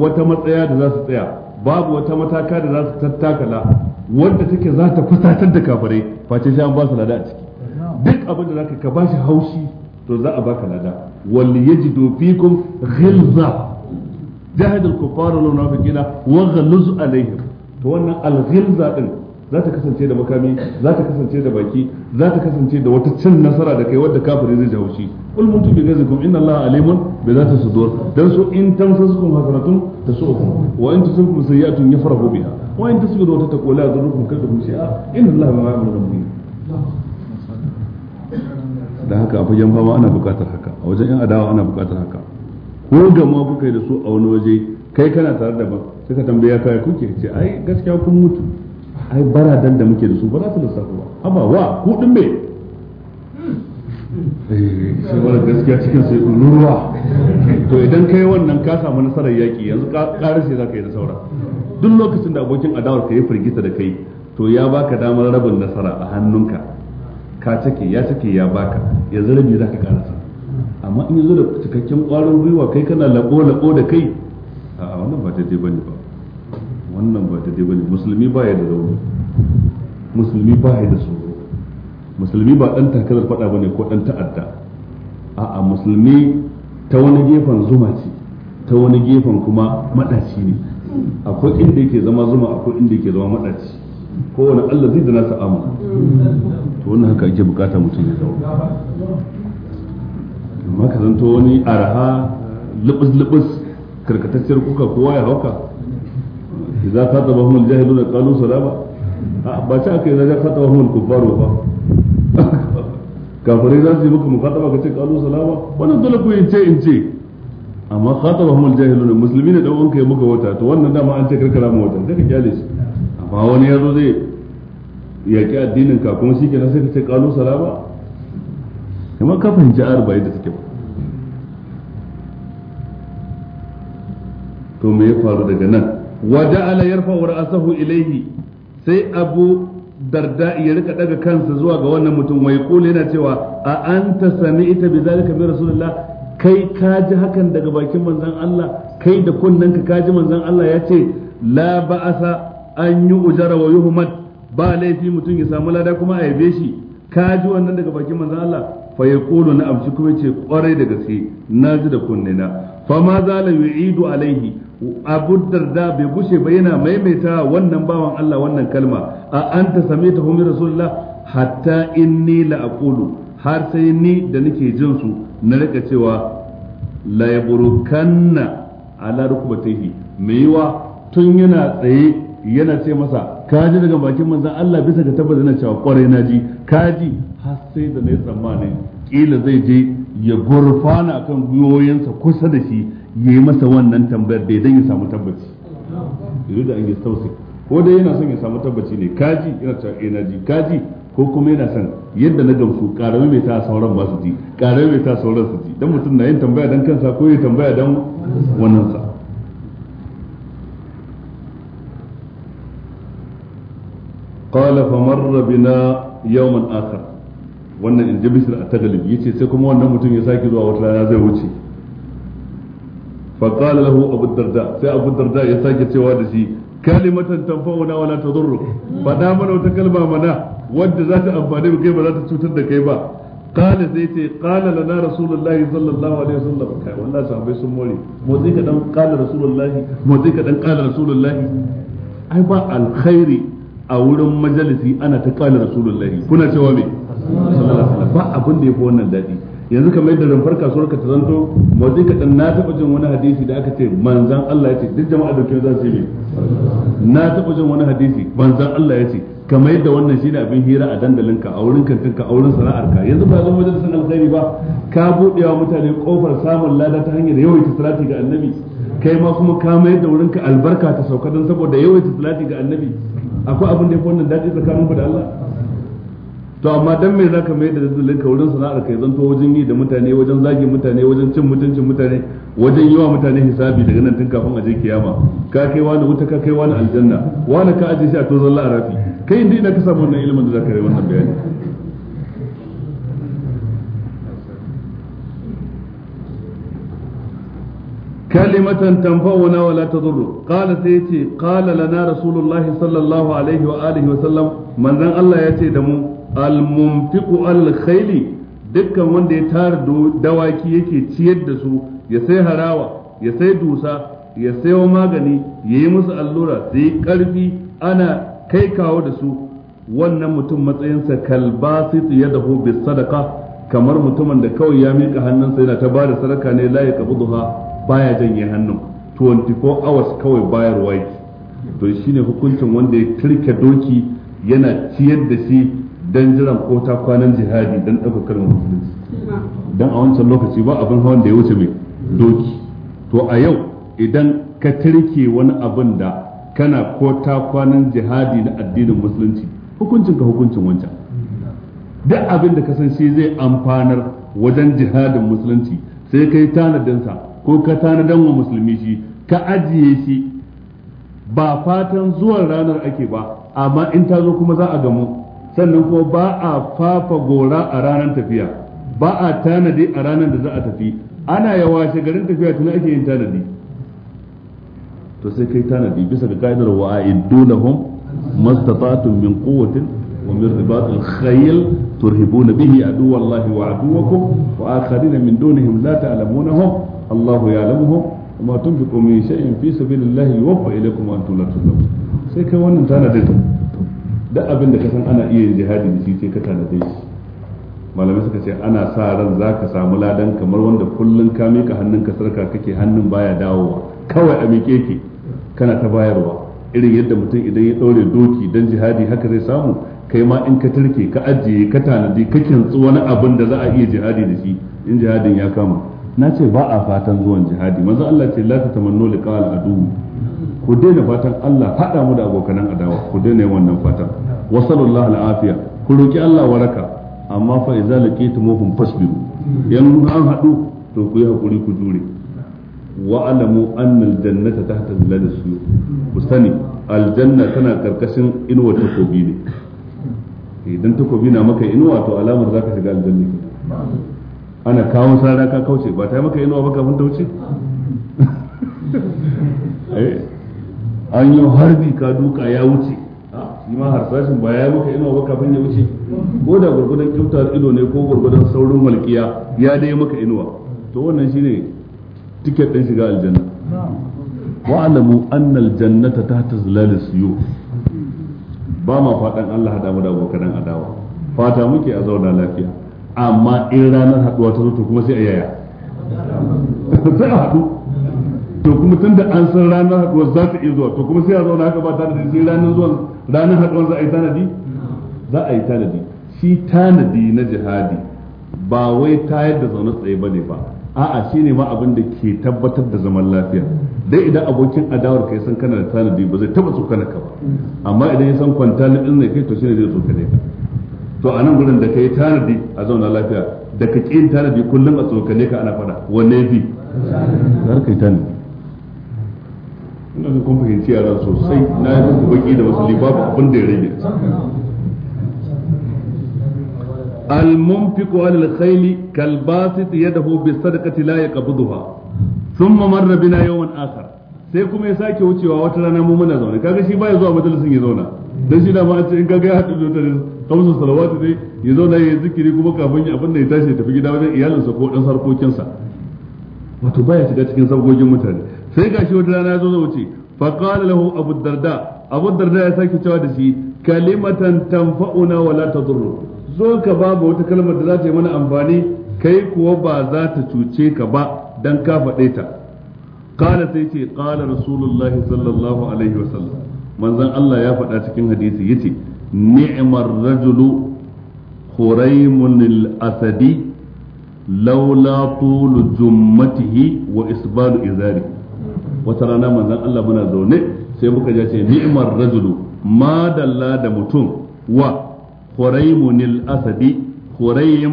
wata matsaya da za su tsaya babu wata mataka da za su tattakala wanda take za ta da kafirai face shi an ba su lada a ciki duk abin da zaka ka ba shi haushi to za a baka lada wal yajidu fikum ghilza jahad al-kuffar wal munafiqin wa ghaluz alaihim to wannan al-ghilza din za ta kasance da makami za ta kasance da baki za ta kasance da wata cin nasara da kai wadda kafiri zai jawo shi kul mun tubi gazikum inna allaha alimun bi zati sudur dan so in tamsasukum hasanatun tasukum wa in tusibukum sayi'atun yafrahu biha wa in tasbiru wa tattaqu la yadurukum kaydukum shay'a inna allaha bima ya'maluna muhit Dan haka a fagen fama ana bukatar haka a wajen yan adawa ana bukatar haka ko gama kuka da su a wani waje kai kana tare da ba sai ka tambaya kai kuke ce ai gaskiya kun mutu ai dan da muke da su ba za su lissafa ba haba wa ku din me eh, sai wani gaskiya cikin sai ruwa to idan kai wannan ka samu nasarar yaki yanzu ƙarar sai za ka yi da saura duk lokacin da abokin adawar ka yi firgita da kai to ya baka damar rabin nasara a hannunka ka cike ya cike ya baka yanzu rabi za ka ƙarasa amma in yanzu da cikakken ƙwarin gwiwa kai kana labo labo da kai a wannan ba ta bane ba wannan ba ba bane musulmi ba ya da rauni musulmi ba ya da tsoro musulmi ba dan takarar fada bane ko dan ta'adda a'a musulmi ta wani gefen zuma ce ta wani gefen kuma madaci ne akwai inda yake zama zuma akwai inda yake zama madaci kowane Allah zai da nasa amu to wannan haka ake bukata mutum ya zama zanto wani araha lubus-lubus karkatacciyar kuka kowa ya hauka idza khatabahum al-jahilun qalu salama ba yi kai idza khatabahum al-kuffaru ba kafirai za su yi muku taba ka ce qalu salama wannan dole ku in ce in ce amma khatabahum al-jahilun musulmi ne dan wanka ya muka wata to wannan dama an ce karkara mu wata daga ka kyale shi amma wani zo zai yaƙi addinin ka kuma shi na sai ka ce qalu salama kamar ka fahimci arba'i da suke ba to me ya faru daga nan wa ja'ala yarfa'u ra'sahu ilayhi sai abu darda ya rika daga kansa zuwa ga wannan mutum wai kula yana cewa a anta sami'ta bi zalika min rasulullah kai ka ji hakan daga bakin manzon Allah kai da kunnanka ka ji manzon Allah ya ce la ba'asa an yi ujara wa yuhmad ba laifi mutum ya samu lada kuma a yabe shi ka ji wannan daga bakin manzon Allah fa ya kulu na amshi kuma ce kwarai da gaske Na ji da na. fa ma za la yu'idu alaihi abu darda bai gushe ba yana maimaita wannan bawan Allah wannan kalma a anta same ta humi rasulullah hatta inni la aqulu har sai ni da nake jin su na rika cewa la yaburkanna ala rukbatihi mai yiwa tun yana tsaye yana ce masa ka ji daga bakin manzan Allah bisa ka tabbata na cewa kwarai na ji ka ji har sai da na yi tsammani kila zai je ya gurfana kan gwiwoyinsa kusa da shi ya yi masa wannan tambayar da idan ya samu tabbaci yanzu da an yi tausi ko dai yana son ya samu tabbaci ne kaji yana cewa eh na ji kaji ko kuma yana son yadda na gamsu karami mai ta sauran ba su ji karami mai ta sauran su ji dan mutum na yin tambaya dan kansa ko ya tambaya dan wannan sa qala fa marra bina yawman wannan in jabisir a tagalibi yace sai kuma wannan mutum ya sake zuwa wata rana zai wuce fa qala lahu abu darda sai abu darda ya sake cewa da shi kalimatan tanfa'una wala tadurru fada mana wata kalma mana wadda za ta amfane mu kai ba za ta cutar da kai ba qala sai ce qala lana rasulullahi sallallahu alaihi wasallam kai wallahi sahabbai sun more motsi ka dan qala rasulullahi motsi ka dan qala rasulullahi ai ba alkhairi a wurin majalisi ana ta kala rasulullahi kuna cewa me ba abin da ya fi wannan daɗi. yanzu kamar yadda rumfar kasuwar ka ta zanto motsi ka na taɓa jin wani hadisi da aka ce manzan Allah ya ce duk jama'a da za su yi na taɓa jin wani hadisi manzan Allah ya ce kamar yadda wannan shine abin hira a dandalin ka a wurin kantin ka a wurin sana'ar ka yanzu ba zan majalisin alkhairi ba ka buɗewa mutane kofar samun lada ta hanyar yawaita salati ga annabi kai ma kuma ka mayar da wurin ka albarka ta sauka don saboda yawaita salati ga annabi akwai abin da ya fi wannan daji tsakanin ku da Allah to amma dan me zaka mai da dalilin ka wurin sana'ar kai zanto wajen yi da mutane wajen zagi mutane wajen cin mutuncin mutane wajen yi wa mutane hisabi daga nan tun kafin a je kiyama ka kai wani wuta ka kai wani aljanna wani ka aje shi a tozon la'arafi kai inda ina ka samu wannan ilimin da zaka yi wannan bayani kalimatan na wala ta tadurru qala sai yace qala lana rasulullahi sallallahu alaihi wa alihi wa sallam manzan Allah yace da mu al mumtiqu al dukkan wanda ya tara dawaki yake ciyar da su ya sai harawa ya sai dusa ya sayo magani ya yi musu allura su yi karfi ana kai kawo da su wannan mutum matsayinsa kalbasit yadahu bis sadaka, kamar mutumin da kawai ya mika hannunsa yana ta bada sadaka ne la yaqbuduha baya janye hannun 24 hours kawai bayar yake to shi ne hukuncin wanda ya turke doki yana ciyar da shi don jiran ko ta kwanan jihadi don ɗaukakar musulunci don a wancan lokaci ba abin hawan da ya wuce mai doki to a yau idan ka turke wani abin da kana ko ta kwanan jihadi na addinin musulunci hukuncin ka hukuncin wancan duk abin da ka san shi zai amfanar wajen jihadin musulunci sai kai tanadinsa ko ka tanadan wa musulmi shi ka ajiye shi ba fatan zuwan ranar ake ba amma in ta zo kuma za a gamu sannan kuma ba a fafa gora a ranar tafiya ba a tanadi a ranar da za a tafi ana yawa garin tafiya tun ake yin tanadi to sai kai tanadi bisa ga ka'idar wa'a'id dunahum mastata'tum min quwwatin wa min ribatil khayl turhibuna bihi aduwallahi wa aduwakum wa akharina min dunihim la ta'lamunahum Allahu ya'lamuhu wa ma tunfiqu min shay'in fi sabilillahi yuwaffa ilaykum wa an tula sai kai wannan da tanadin duk abin da ka san ana iya yin jihadi da shi sai ka da shi malamai suka ce ana sa ran za ka samu ladan kamar wanda kullum ka miƙa hannunka sarka kake hannun baya dawowa kawai a miƙe ke kana ta bayarwa irin yadda mutum idan ya ɗaure doki don jihadi haka zai samu kai ma in ka turke ka ajiye ka tanadi ka kintsu wani abin da za a iya jihadi da shi in jihadin ya kama na ce ba a fatan zuwan jihadi maza Allah ce la tatamannu liqa al adu ku daina fatan Allah hada mu da abokanan adawa ku daina wannan fatan wa sallallahu al ku roki Allah waraka amma fa idza laqitumuhum fasbiru yan an hadu to ku yi hakuri ku jure wa alamu anna al tahta zilal suyu ku sani aljanna tana karkashin inuwar takobi ne idan takobi na maka inuwa to alamar zaka shiga aljanna ana kawo sara ka kauce ba ta yi maka inuwa ba kafin ta wuce [LAUGHS] eh, an yi harbi ka duka ya wuce ah, shi ma harsashin ba ya maka inuwa ba kafin ya wuce ko da gurgudan kyautar ido ne ko gurgudan saurin walƙiya ya dai maka inuwa to wannan shi ne tiket ɗin shiga aljanna wa alamu anna aljannata tahta zilal suyu ba ma fadan Allah hada mu da abokan adawa fata muke a zauna lafiya amma in ranar haduwa ta zo to kuma sai a yaya sai a haɗu to kuma tun da an san ranar haduwa za ta iya zuwa to kuma sai a zauna haka ba tanadi sai ranar zuwan ranar haduwa za a yi tanadi za a yi tanadi shi tanadi na jihadi ba wai tayar da zaune tsaye bane ba a'a shine ma abin da ke tabbatar da zaman lafiya dai idan abokin adawar ka ya san kana da tanadi ba zai taba ka ba amma idan ya san kwanta na ɗin ne kai to shine zai tsokane ka to a nan gurin da ka yi tanadi a zauna lafiya da ka ƙi tanadi kullum a tsokane ka ana fada wanne ya fi har ka yi tanadi ina da kun fahimci yara sosai na yi muku baki da wasu libabu abin da ya rage المنفق على الخيل كالباسط يده بالصدقة لا يقبضها ثم مر بنا يوما آخر sai kuma ya sake wucewa wata rana mu muna zaune kaga shi baya zuwa majalisin ya zauna dan shi da ma an ce in haɗu kamsu salawatu dai ya zauna ya zikiri kuma kafin abin da ya tashi ya tafi gida wajen iyalinsa ko dan harkokinsa wato baya shiga cikin sabgogin mutane sai gashi wata rana ya zo wuce fa qala lahu abu darda abu darda ya sake cewa da shi kalimatan tanfa'una wa la tadurru zo ka mu wata kalmar da za ta yi mana amfani kai kuwa ba za ta cuce ka ba dan ka faɗe ta qala sai ce qala rasulullahi sallallahu alaihi wasallam manzon Allah ya faɗa cikin hadisi yace نعم الرجل خريم الأسدي لولا طول جمته وإسبال إزاره وترانا من ذن الله منا زوني سيبوك جاتي نعم الرجل ما دلا دمتم و خريم الأسدي خريم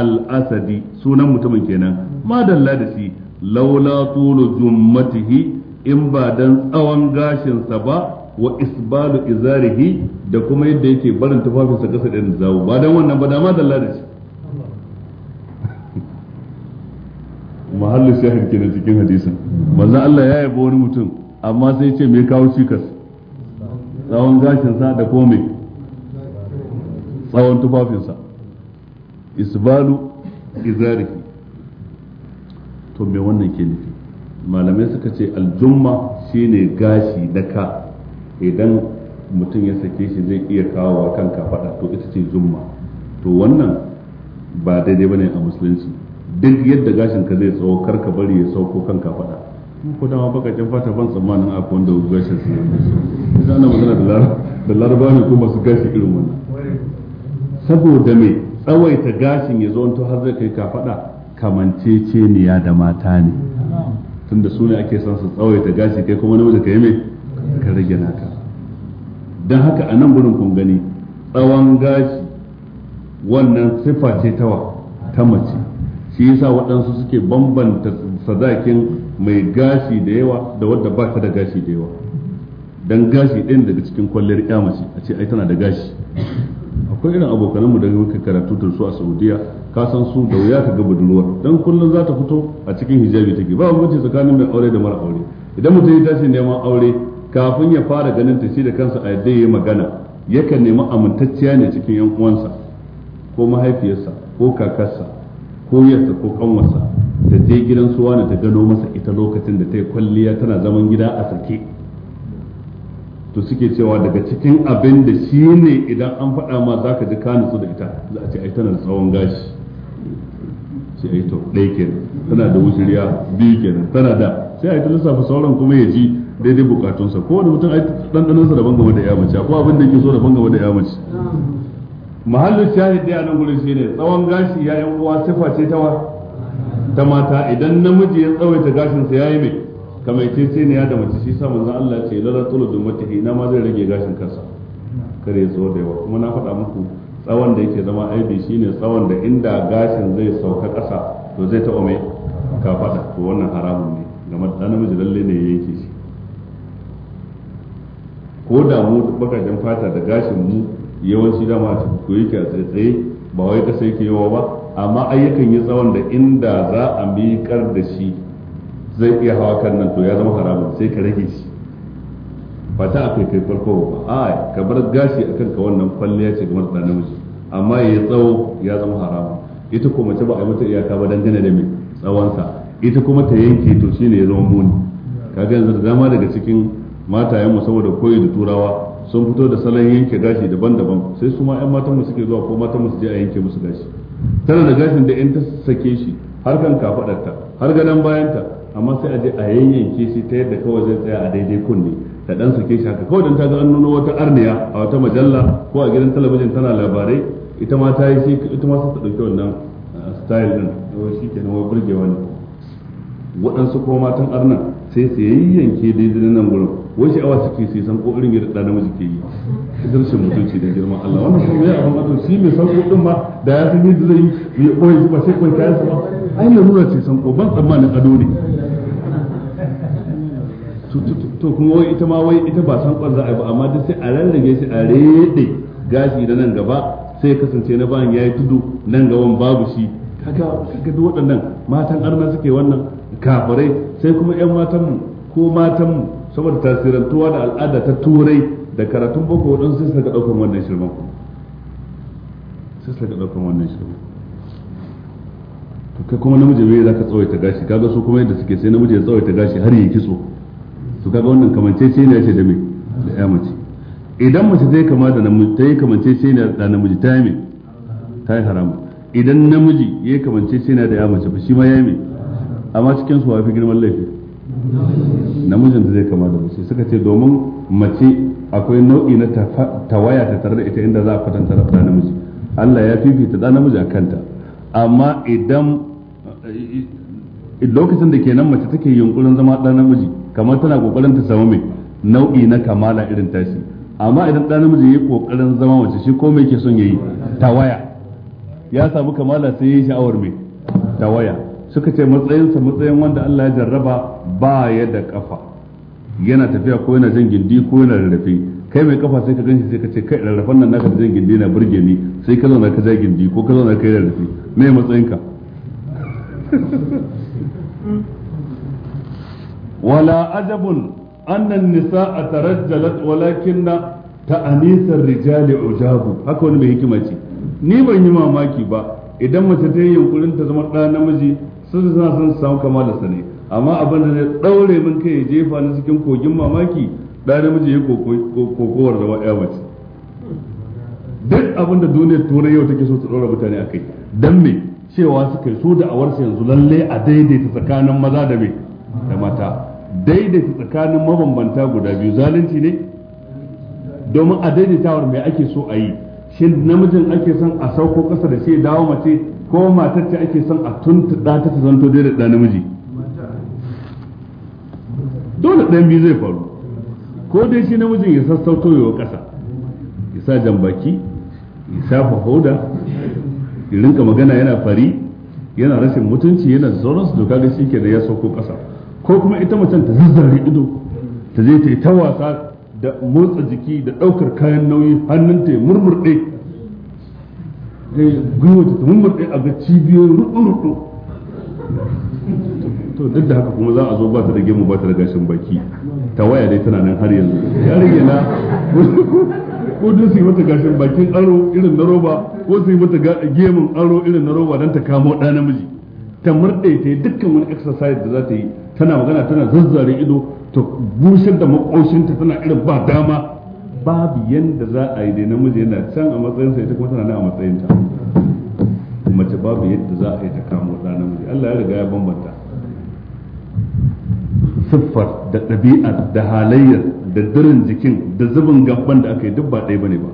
الأسدي سونا متمن كينا ما دلا دسي laula tulu jummatihi in ba dan tsawon gashinsa ba wa isbalu izarihi da kuma yadda yake barin tufafinsa kasa da zawo ba dan wannan ba dama da Allah da shi [LAUGHS] mahallu shahid na cikin hadisin manzon Allah ya yabo wani mutum amma sai ya ce me kawo cikas tsawon gashinsa da kome tsawon tufafinsa isbalu izarihi to me wannan ke nufi malamai suka ce aljumma shine gashi da ka idan mutum ya sake shi zai iya kawowa kan kafaɗa to ita ce zumma to wannan ba daidai bane a musulunci duk yadda gashin ka zai tsawo kar ka bari ya sauko kan kafaɗa ko dama bakacin fata ban tsammanin a ku wanda gashin su ne ita ana magana da da laraba ne ko masu gashi irin wannan saboda me tsawaita gashin ya zo to har zai kai kafaɗa kamanceceniya da mata ne tunda su ake son su tsawaita gashi kai kuma namiji ka yi me? ka rage naka don haka a nan gurin kun gani tsawon gashi wannan siffa ce tawa ta mace shi yasa waɗansu suke bambanta sadakin mai gashi da yawa da wadda ba ta da gashi da yawa don gashi ɗin daga cikin kwalliyar ya mace a ce ai tana da gashi akwai irin abokananmu da muka karatu da su a saudiya ka san su da wuya ka ga budurwar don kullum za ta fito a cikin hijabi take ba bambanci tsakanin mai aure da mara aure idan mutum ya tashi neman aure kafin ya fara ganin ta shi da kansa a yadda ya yi magana yakan nemi amintacciya ne cikin yan uwansa ko mahaifiyarsa ko kakarsa ko yarsa ko kanwarsa da je gidan su wani ta gano masa ita lokacin da ta yi kwalliya tana zaman gida a sake to suke cewa daga cikin abin da shi ne idan an faɗa ma za ka ji ka nutsu da ita za a ce ai tana da tsawon gashi sai ai to ɗaya kenan tana da wushiriya biyu kenan tana da sai a yi ta lissafa sauran kuma ya ji daidai bukatunsa ko wani mutum ai dandanansa daban game da yamace ko abin da yake so daban game da yamace mahallin shahid dai a nan gurin shine tsawon gashi ya uwa sifa ce ta ta mata idan namiji ya tsawaita gashinsa yayi mai kamar ce ne ya da mace shi sa manzon Allah ce lalla tulu dummatihi na ma zai rage gashin kansa kare zo da yawa kuma na faɗa muku tsawon da yake zama aibi shine tsawon da inda gashin zai sauka ƙasa to zai taɓa mai kafaɗa faɗa to wannan haramun ne ga namiji lalle ne ya shi ko da mu bakajen fata da gashin mu yawanci dama a ko yake a tsaye ba wai kasa yake yawa ba amma ayyukan yi tsawon da inda za a miƙar da shi zai iya hawa kan nan to ya zama haramun sai ka rage shi ba ta akai kai farko ba a ka bar gashi akan ka wannan kwalliya ce kamar da namiji amma ya tsawo ya zama haramun ita ko mace ba a yi mata iyaka ba dangane da mai tsawonsa ita kuma ta yanke to shine ya zama muni kaga yanzu da dama daga cikin matayen mu saboda koyi da turawa sun fito da salon yanke gashi daban-daban sai su ma 'yan matan mu suke zuwa ko matan mu su je a yanke musu gashi tana da gashin da 'yan ta sake shi har kan kafadarta har gadon bayanta amma sai a je a yanyanke shi ta yadda kawai zai tsaya a daidai kunne ta dan sake shi haka kawai dan ta ga an nuna wata arniya a wata majalla ko a gidan talabijin tana labarai ita ma ta yi shi ita ma sai ta dauki wannan ah, style din wai shi kenan wai burgewa ne waɗansu ko matan arna sai su yanke daidai nan gurin wai sha'awa suke su san ko irin yadda da miji ke yi rashin mutunci da girman Allah wannan kuma ya abin wato shi mai sanko ɗin ba da ya san yadda zai yi ya ɓoye ba sai koyi kayan sa ba ai larura ce sanko ban tsammanin ado ne to kuma wai ita ma wai ita ba ƙwan za a yi ba amma duk sai a rarrage shi a reɗe gashi da nan gaba sai kasance na bayan yi tudu nan gaban babu shi kaga kaga duk waɗannan matan arna suke wannan kafirai sai kuma yan matanmu ko matanmu saboda tasirantuwa da al'ada ta turai da karatun boko wadansu sai suka ɗaukan wannan shirman sai suka ɗaukan wannan shirman to kai kuma namiji za zaka tsawaita gashi kaga su kuma yadda suke sai namiji ya tsawaita gashi har ya kitso to kaga wannan kamancece ne yace da mai da ya mace idan mace ta yi kama da namiji ta yi kamancece ne da namiji ta yi mai ta yi haramu idan namiji ya yi kamancece ne da ya mace ba shi ma ya yi amma cikin su wafi girman laifi namijin da zai kama da mace suka ce domin mace akwai nau'i na tawaya ta tare da ita inda za a kwatanta da namiji Allah ya fifita ɗan namiji a kanta amma idan lokacin da ke nan mace take yunkurin zama ɗan namiji kamar tana kokarin ta samu mai nau'i na kamala irin tashi amma idan ɗan namiji ya yi kokarin zama mace shi ko me yake son yayi tawaya ya samu kamala sai ya yi sha'awar mai tawaya suka ce matsayinsa matsayin wanda Allah ya jarraba ba ya da kafa yana tafiya ko yana jan gindi ko yana rarrafe kai mai kafa sai ka ganshi sai ka ce kai rarrafen nan naka da jan gindi na burge ni sai ka zauna ka ja gindi ko ka zauna ka yi rarrafe me matsayinka wala ajabun annan nisa'a tarajjalat walakinna ta'anisar rijali ujabu haka wani mai hikima ce ni ban yi mamaki ba idan mace ta yi yunkurin ta zama ɗa namiji su suna sun samu kama da sani amma abin da zai daure min kai ya jefa na cikin kogin mamaki da namiji ya kokowar da wa'ya mace duk abin da duniyar turai yau take so ta ɗora mutane a kai don me cewa kai so da awarsa yanzu lalle a daidaita tsakanin maza da me da mata daidaita tsakanin mabambanta guda biyu zalunci ne domin a daidaitawar mai ake so a yi shin namijin ake son a sauko ƙasa da shi dawo mace ko matar ce ake son a da ta ta zanto daidai da namiji dole ɗan biyu zai faru ko dai shi namijin ya sassauto yawa ƙasa ya sa jambaki ya shafa hoda ya rinka magana yana fari yana rashin mutunci yana su doka da shi ke da ya sauko ƙasa ko kuma ita macen ta zazzare ido ta je ta yi ta wasa da motsa jiki da ɗaukar kayan nauyi hannunta ya murmurɗe gwiwa ta mummurɗe a ga cibiyoyin rudu-rudu to duk da haka kuma za a zo ba ta da gemu ba ta da gashin baki ta waya dai tana nan har yanzu ya rage na ko dai su yi mata gashin bakin aro irin na roba ko su yi mata gemun aro irin na roba don ta kamo ɗa namiji ta murɗe ta yi dukkan wani exercise da za ta yi tana magana tana zazzare ido ta busar da makoshinta tana irin ba dama babu yanda za a yi da namiji yana can a matsayin sa ita kuma tana nan a matsayin ta mace babu yadda za a yi ta kamo da namiji Allah ya riga ya bambanta siffar da ɗabi'ar da halayyar da dirin jikin da zubin gaban da aka yi duk ba ɗaya bane ba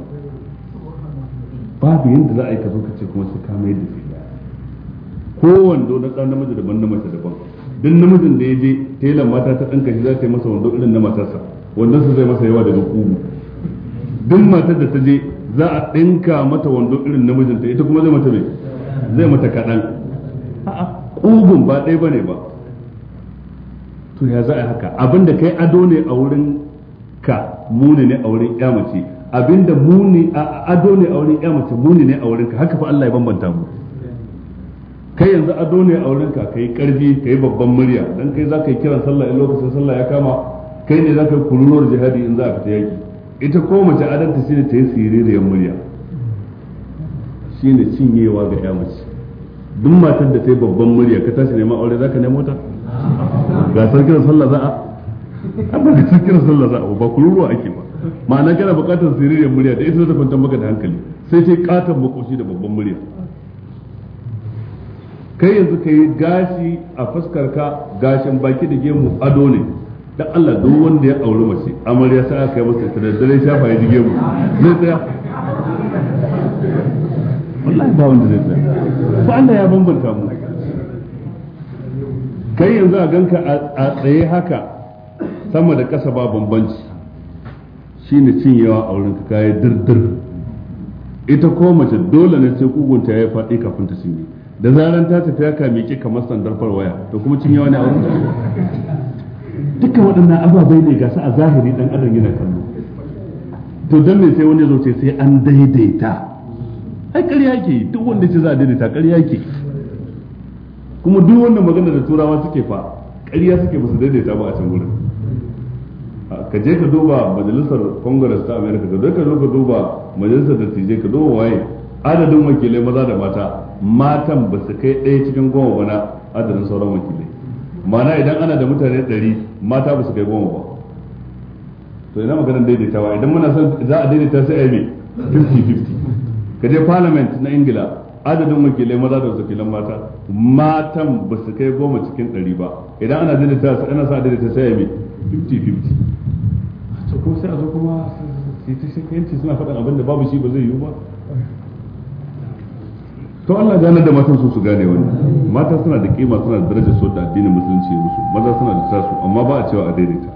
babu yadda za a yi ka zo ka ce kuma su kama yadda su ko wando na ɗan namiji daban na mace daban duk namijin da ya je telan mata ta ɗan kashi za ta yi masa wando irin na matarsa wannan su zai masa yawa daga kugu duk matar da ta je za a ɗinka mata wando irin namijinta ita kuma zai mata mai zai mata kaɗan ƙugun ba ɗaya ba ne ba to ya za a yi haka abinda kai ado ne a wurin ka muni ne a wurin ya mace abinda muni a ado ne a wurin ya mace muni ne a wurin ka haka fa Allah ya bambanta mu kai yanzu ado ne a wurin ka kai karfi kai babban murya dan kai za ka yi kiran sallah in lokacin sallah ya kama kai ne za ka yi kururuwar jihadi in za a fita yaki ita ko mace adalta shine ta yi tsire da yan murya shine cinyewa ga ya mace duk matar da ta yi babban murya ka tashi neman aure ka nemo ta ga sarkin sallah a an ba ga sarkin sallah a ba kururuwa ake ba ma'ana kana bukatar siririyar murya da ita ta kwantar maka da hankali sai sai katon makoshi da babban murya kai yanzu ka yi gashi a fuskar ka gashin baki da gemu ado ne dan Allah duk wanda ya auri mace amarya sai aka yi masa ta dare shafa ya jige mu zai tsaya wallahi ba wanda zai tsaya ko Allah ya bambanta mu kai yanzu a ganka a tsaye haka sama da ƙasa ba bambanci shine cinyewa wurin ka kai dirdir ita ko mace dole ne sai kugunta ya faɗi kafin ta cinye da zaran ta tafi haka miƙe kamar sandar farwaya to kuma cinyewa ne wurin ka. dukkan waɗannan ababai ne ga su a zahiri ɗan adam yana kallo to don me sai wani zo ce sai an daidaita ai ƙarya ke duk wanda ce za a daidaita ƙarya ke kuma duk wannan magana da turawa suke fa ƙarya suke ba su daidaita ba a can gurin ka je ka duba majalisar congress ta america ka ka ka duba majalisar tije ka duba waye adadin wakilai maza da mata matan ba su kai ɗaya cikin goma ba na adadin sauran wakilai mana idan ana da mutane ɗari mata ba su kai goma ba to ina maganar daidaitawa idan muna son za a daidaita sai a yi 50-50 ka je parliament na ingila adadin wakilai maza da wakilan mata matan ba su kai goma cikin ɗari ba idan ana daidaita sai ana sa daidaita sai a yi 50-50 to ko sai a zo kuma sai ta shi suna faɗin abin da babu shi ba zai yiwu ba to Allah gane da matan su su gane wannan mata suna da kima suna da daraja so da addinin musulunci ya musu maza suna da tasu amma ba a cewa a daidaita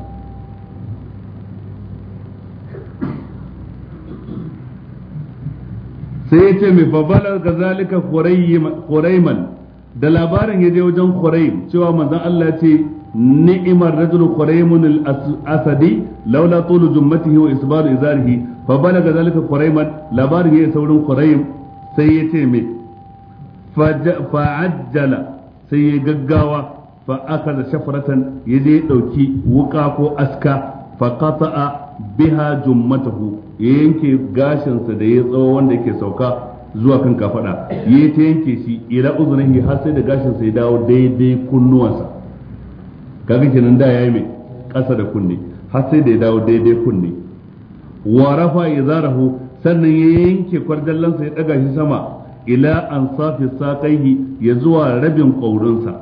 sai ya ce mai babbalar ga zalika kuraiman da labarin ya je wajen kuraim cewa manzan Allah ya ce ni'imar rajulu kuraimun asadi laula tulu jummatihi wa isbaru izarihi babbalar ga zalika kuraiman labarin ya yi saurin kuraim sai ya ce mai fa'ajjala sai ya gaggawa fa aka da shafaratan ya je ɗauki wuka ko aska fa qata'a biha jummatahu ya yanke gashinsa da ya tsawo wanda yake sauka zuwa kan kafada ya ta yanke shi ila uzunihi har sai da gashinsa ya dawo daidai kunnuwansa kaga kenan da yayi mai ƙasa da kunne har sai da ya dawo daidai kunne wa rafa izarahu sannan ya yanke kwardallansa ya daga shi sama ila an safi saƙaihi ya zuwa rabin ƙaurinsa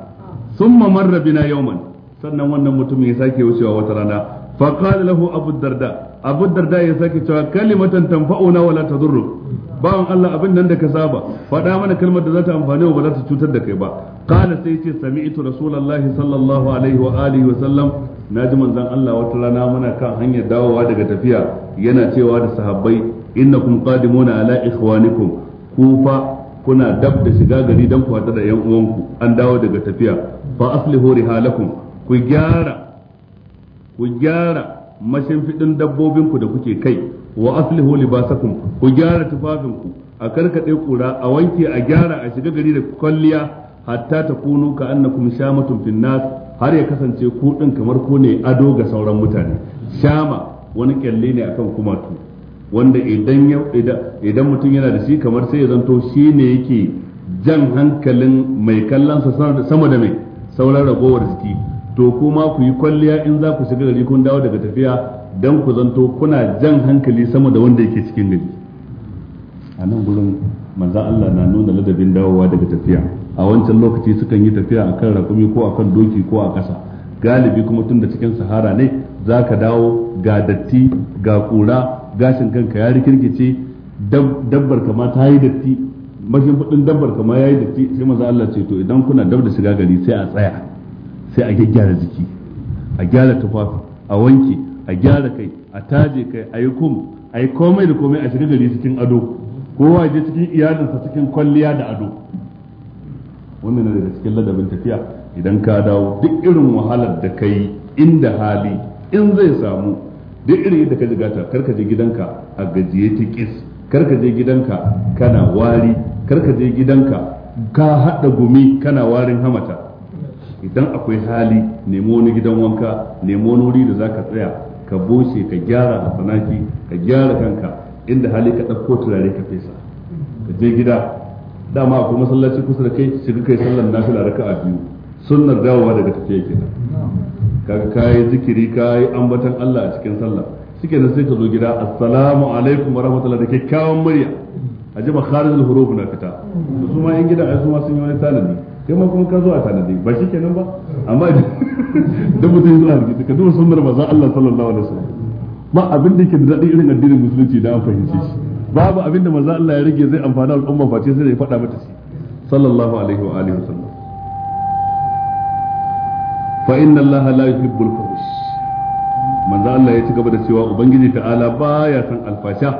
sun mamar rabina yauman sannan wannan mutumin ya sake wucewa wata rana faƙali lahu abu darda abu darda ya sake cewa kalimatan tanfa'una wala tadurru bawan Allah abin nan da ka saba faɗa mana kalmar da za ta amfani wa ba za ta cutar da kai ba qala sai ce sami'tu rasulullahi sallallahu alaihi wa alihi wa sallam naji manzon Allah wata rana muna kan hanyar dawowa daga tafiya yana cewa da sahabbai innakum qadimuna ala ikhwanikum kufa kuna dab da shiga gari dan ku hada da yan uwanku an dawo daga tafiya fa aslihu rihalakum ku gyara ku gyara dabbobinku da kuke kai wa aslihu libasakum ku gyara tufafinku a karkade kura a wanke a gyara a shiga gari da kwalliya hatta ta takunu ka annakum shamatun finnas har ya kasance ku din kamar ku ne ado ga sauran mutane shama wani kyalle ne akan kuma tu. wanda idan idan mutum yana da shi kamar sai ya zanto shi ne yake jan hankalin mai kallonsa sama da mai sauran ragowar jiki to kuma ku yi kwalliya in za ku shiga gari kun dawo daga tafiya don ku zanto kuna jan hankali sama da wanda yake cikin gari a nan gurin manzan Allah na nuna ladabin dawowa daga tafiya a wancan lokaci sukan yi tafiya a kan rakumi ko a kan doki ko a ƙasa galibi kuma tun da cikin sahara ne za ka dawo ga datti ga ƙura gashin kanka ya rikirkice dabbar kama ma ta yi datti mashin fudin dabbar kama ma ya yi datti sai maza Allah ce to idan kuna dab da shiga gari sai a tsaya sai a gyaggyara jiki a gyara tufafi a wanke a gyara kai a taje kai a yi kum a yi komai da komai a shiga gari cikin ado kowa je cikin iyalinsa cikin kwalliya da ado wannan na daga cikin ladabin tafiya idan ka dawo duk irin wahalar da kai inda hali in zai samu duk irin yadda ka ji gata kar je gidanka a gajiye ta kis kar ka je gidanka kana wari kar je gidanka ka hada gumi kana warin hamata idan akwai hali nemo wani gidan wanka nemo wani wuri da zaka tsaya ka bushe ka gyara a sanaki ka gyara kanka inda hali ka ɗauko turare ka fesa ka je gida dama akwai masallaci kusa da kai shiga kai sallar nafila raka'a biyu sunnar dawowa daga tafiya kenan kaga kayi zikiri kayi ambatan Allah a cikin sallah suke nan sai ka zo gida assalamu alaikum wa rahmatullahi da kyakkyawan murya a kharij al huruf na fita to su ma yan gida a su ma sun yi wani tanadi kai ma kuma ka zo a tanadi ba shi kenan ba amma da [LAUGHS] mutum yana da ka duba sunnar manzon Allah sallallahu alaihi wasallam ba abin da yake da dadi irin addinin musulunci da an fahimci. shi babu abin da manzo Allah ya rige zai amfana al'umma face sai da ya faɗa mata shi sallallahu alaihi wa alihi wasallam fa inna Allah la yuhibbul fuhus manzo Allah ya ci gaba da cewa ubangiji ta'ala baya san alfasha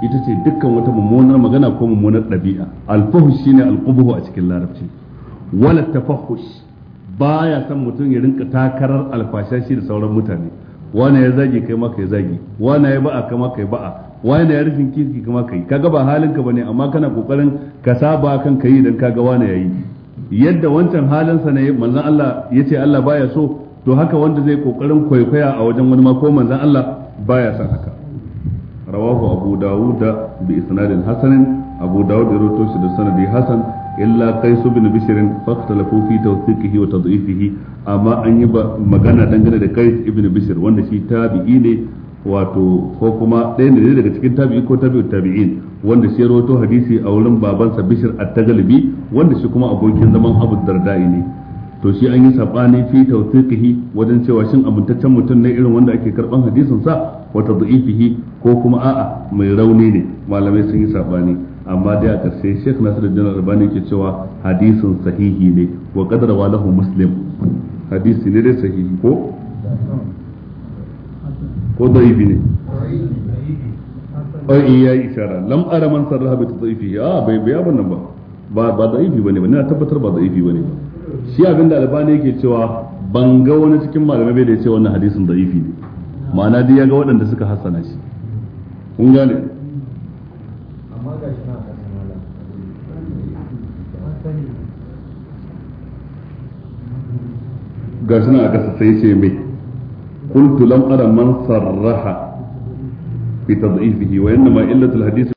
ita ce dukkan wata mummunar magana ko mummunar ɗabi'a alfahush shine alqubuhu a cikin larabci wala tafahus baya san mutum ya rinka takarar alfasha shi da sauran mutane wani ya zagi kai ma kai zagi wani ya ba'a ma kai ba'a wani ya rufin kirki ma kai kaga ba halinka ka bane amma kana kokarin ka saba kan kai idan kaga wani yayi yadda wancan halinsa ne manzon Allah ya ce Allah baya so to haka wanda zai kokarin kwaikwaya a wajen wani ma ko manzon Allah baya son haka rawahu abu dawud bi isnadin hasanin abu dawud ya shi da sanadi hasan illa qais ibn bishr fahtalafu fi tawthiqihi wa tad'ifihi amma an yi magana dangane da qais ibn bishr wanda shi tabi'i ne wato ko kuma ɗaya ne daga cikin tabi'i ko tabi'ut tabi'in wanda shi rawato hadisi a wurin babansa Bishir at tagalibi wanda shi kuma abokin zaman Abu Darda'i ne to shi an yi sabani fi tawthiqihi wajen cewa shin amintaccen mutum ne irin wanda ake karban hadisin sa wa tadhifihi ko kuma a'a mai rauni ne malamai sun yi sabani amma dai a karshe Sheikh Nasiruddin Albani ke cewa hadisin sahihi ne wa qadara walahu muslim hadisi ne dai sahihi ko ko da'ifi ne ai ya yi ishara lam ara man sarraha bi tadhifi a bai bai abin nan ba ba ba ne bane ba ina tabbatar ba da'ifi bane ba shi abin da albani yake cewa ban ga wani cikin malamai bai da ya ce wannan hadisin da'ifi ne ma'ana dai ya ga waɗanda suka hassana shi kun gane amma ga shi na ga a ƙasa sai ce mai قلت لم أرى من صرح بتضعيفه وإنما إلة الحديث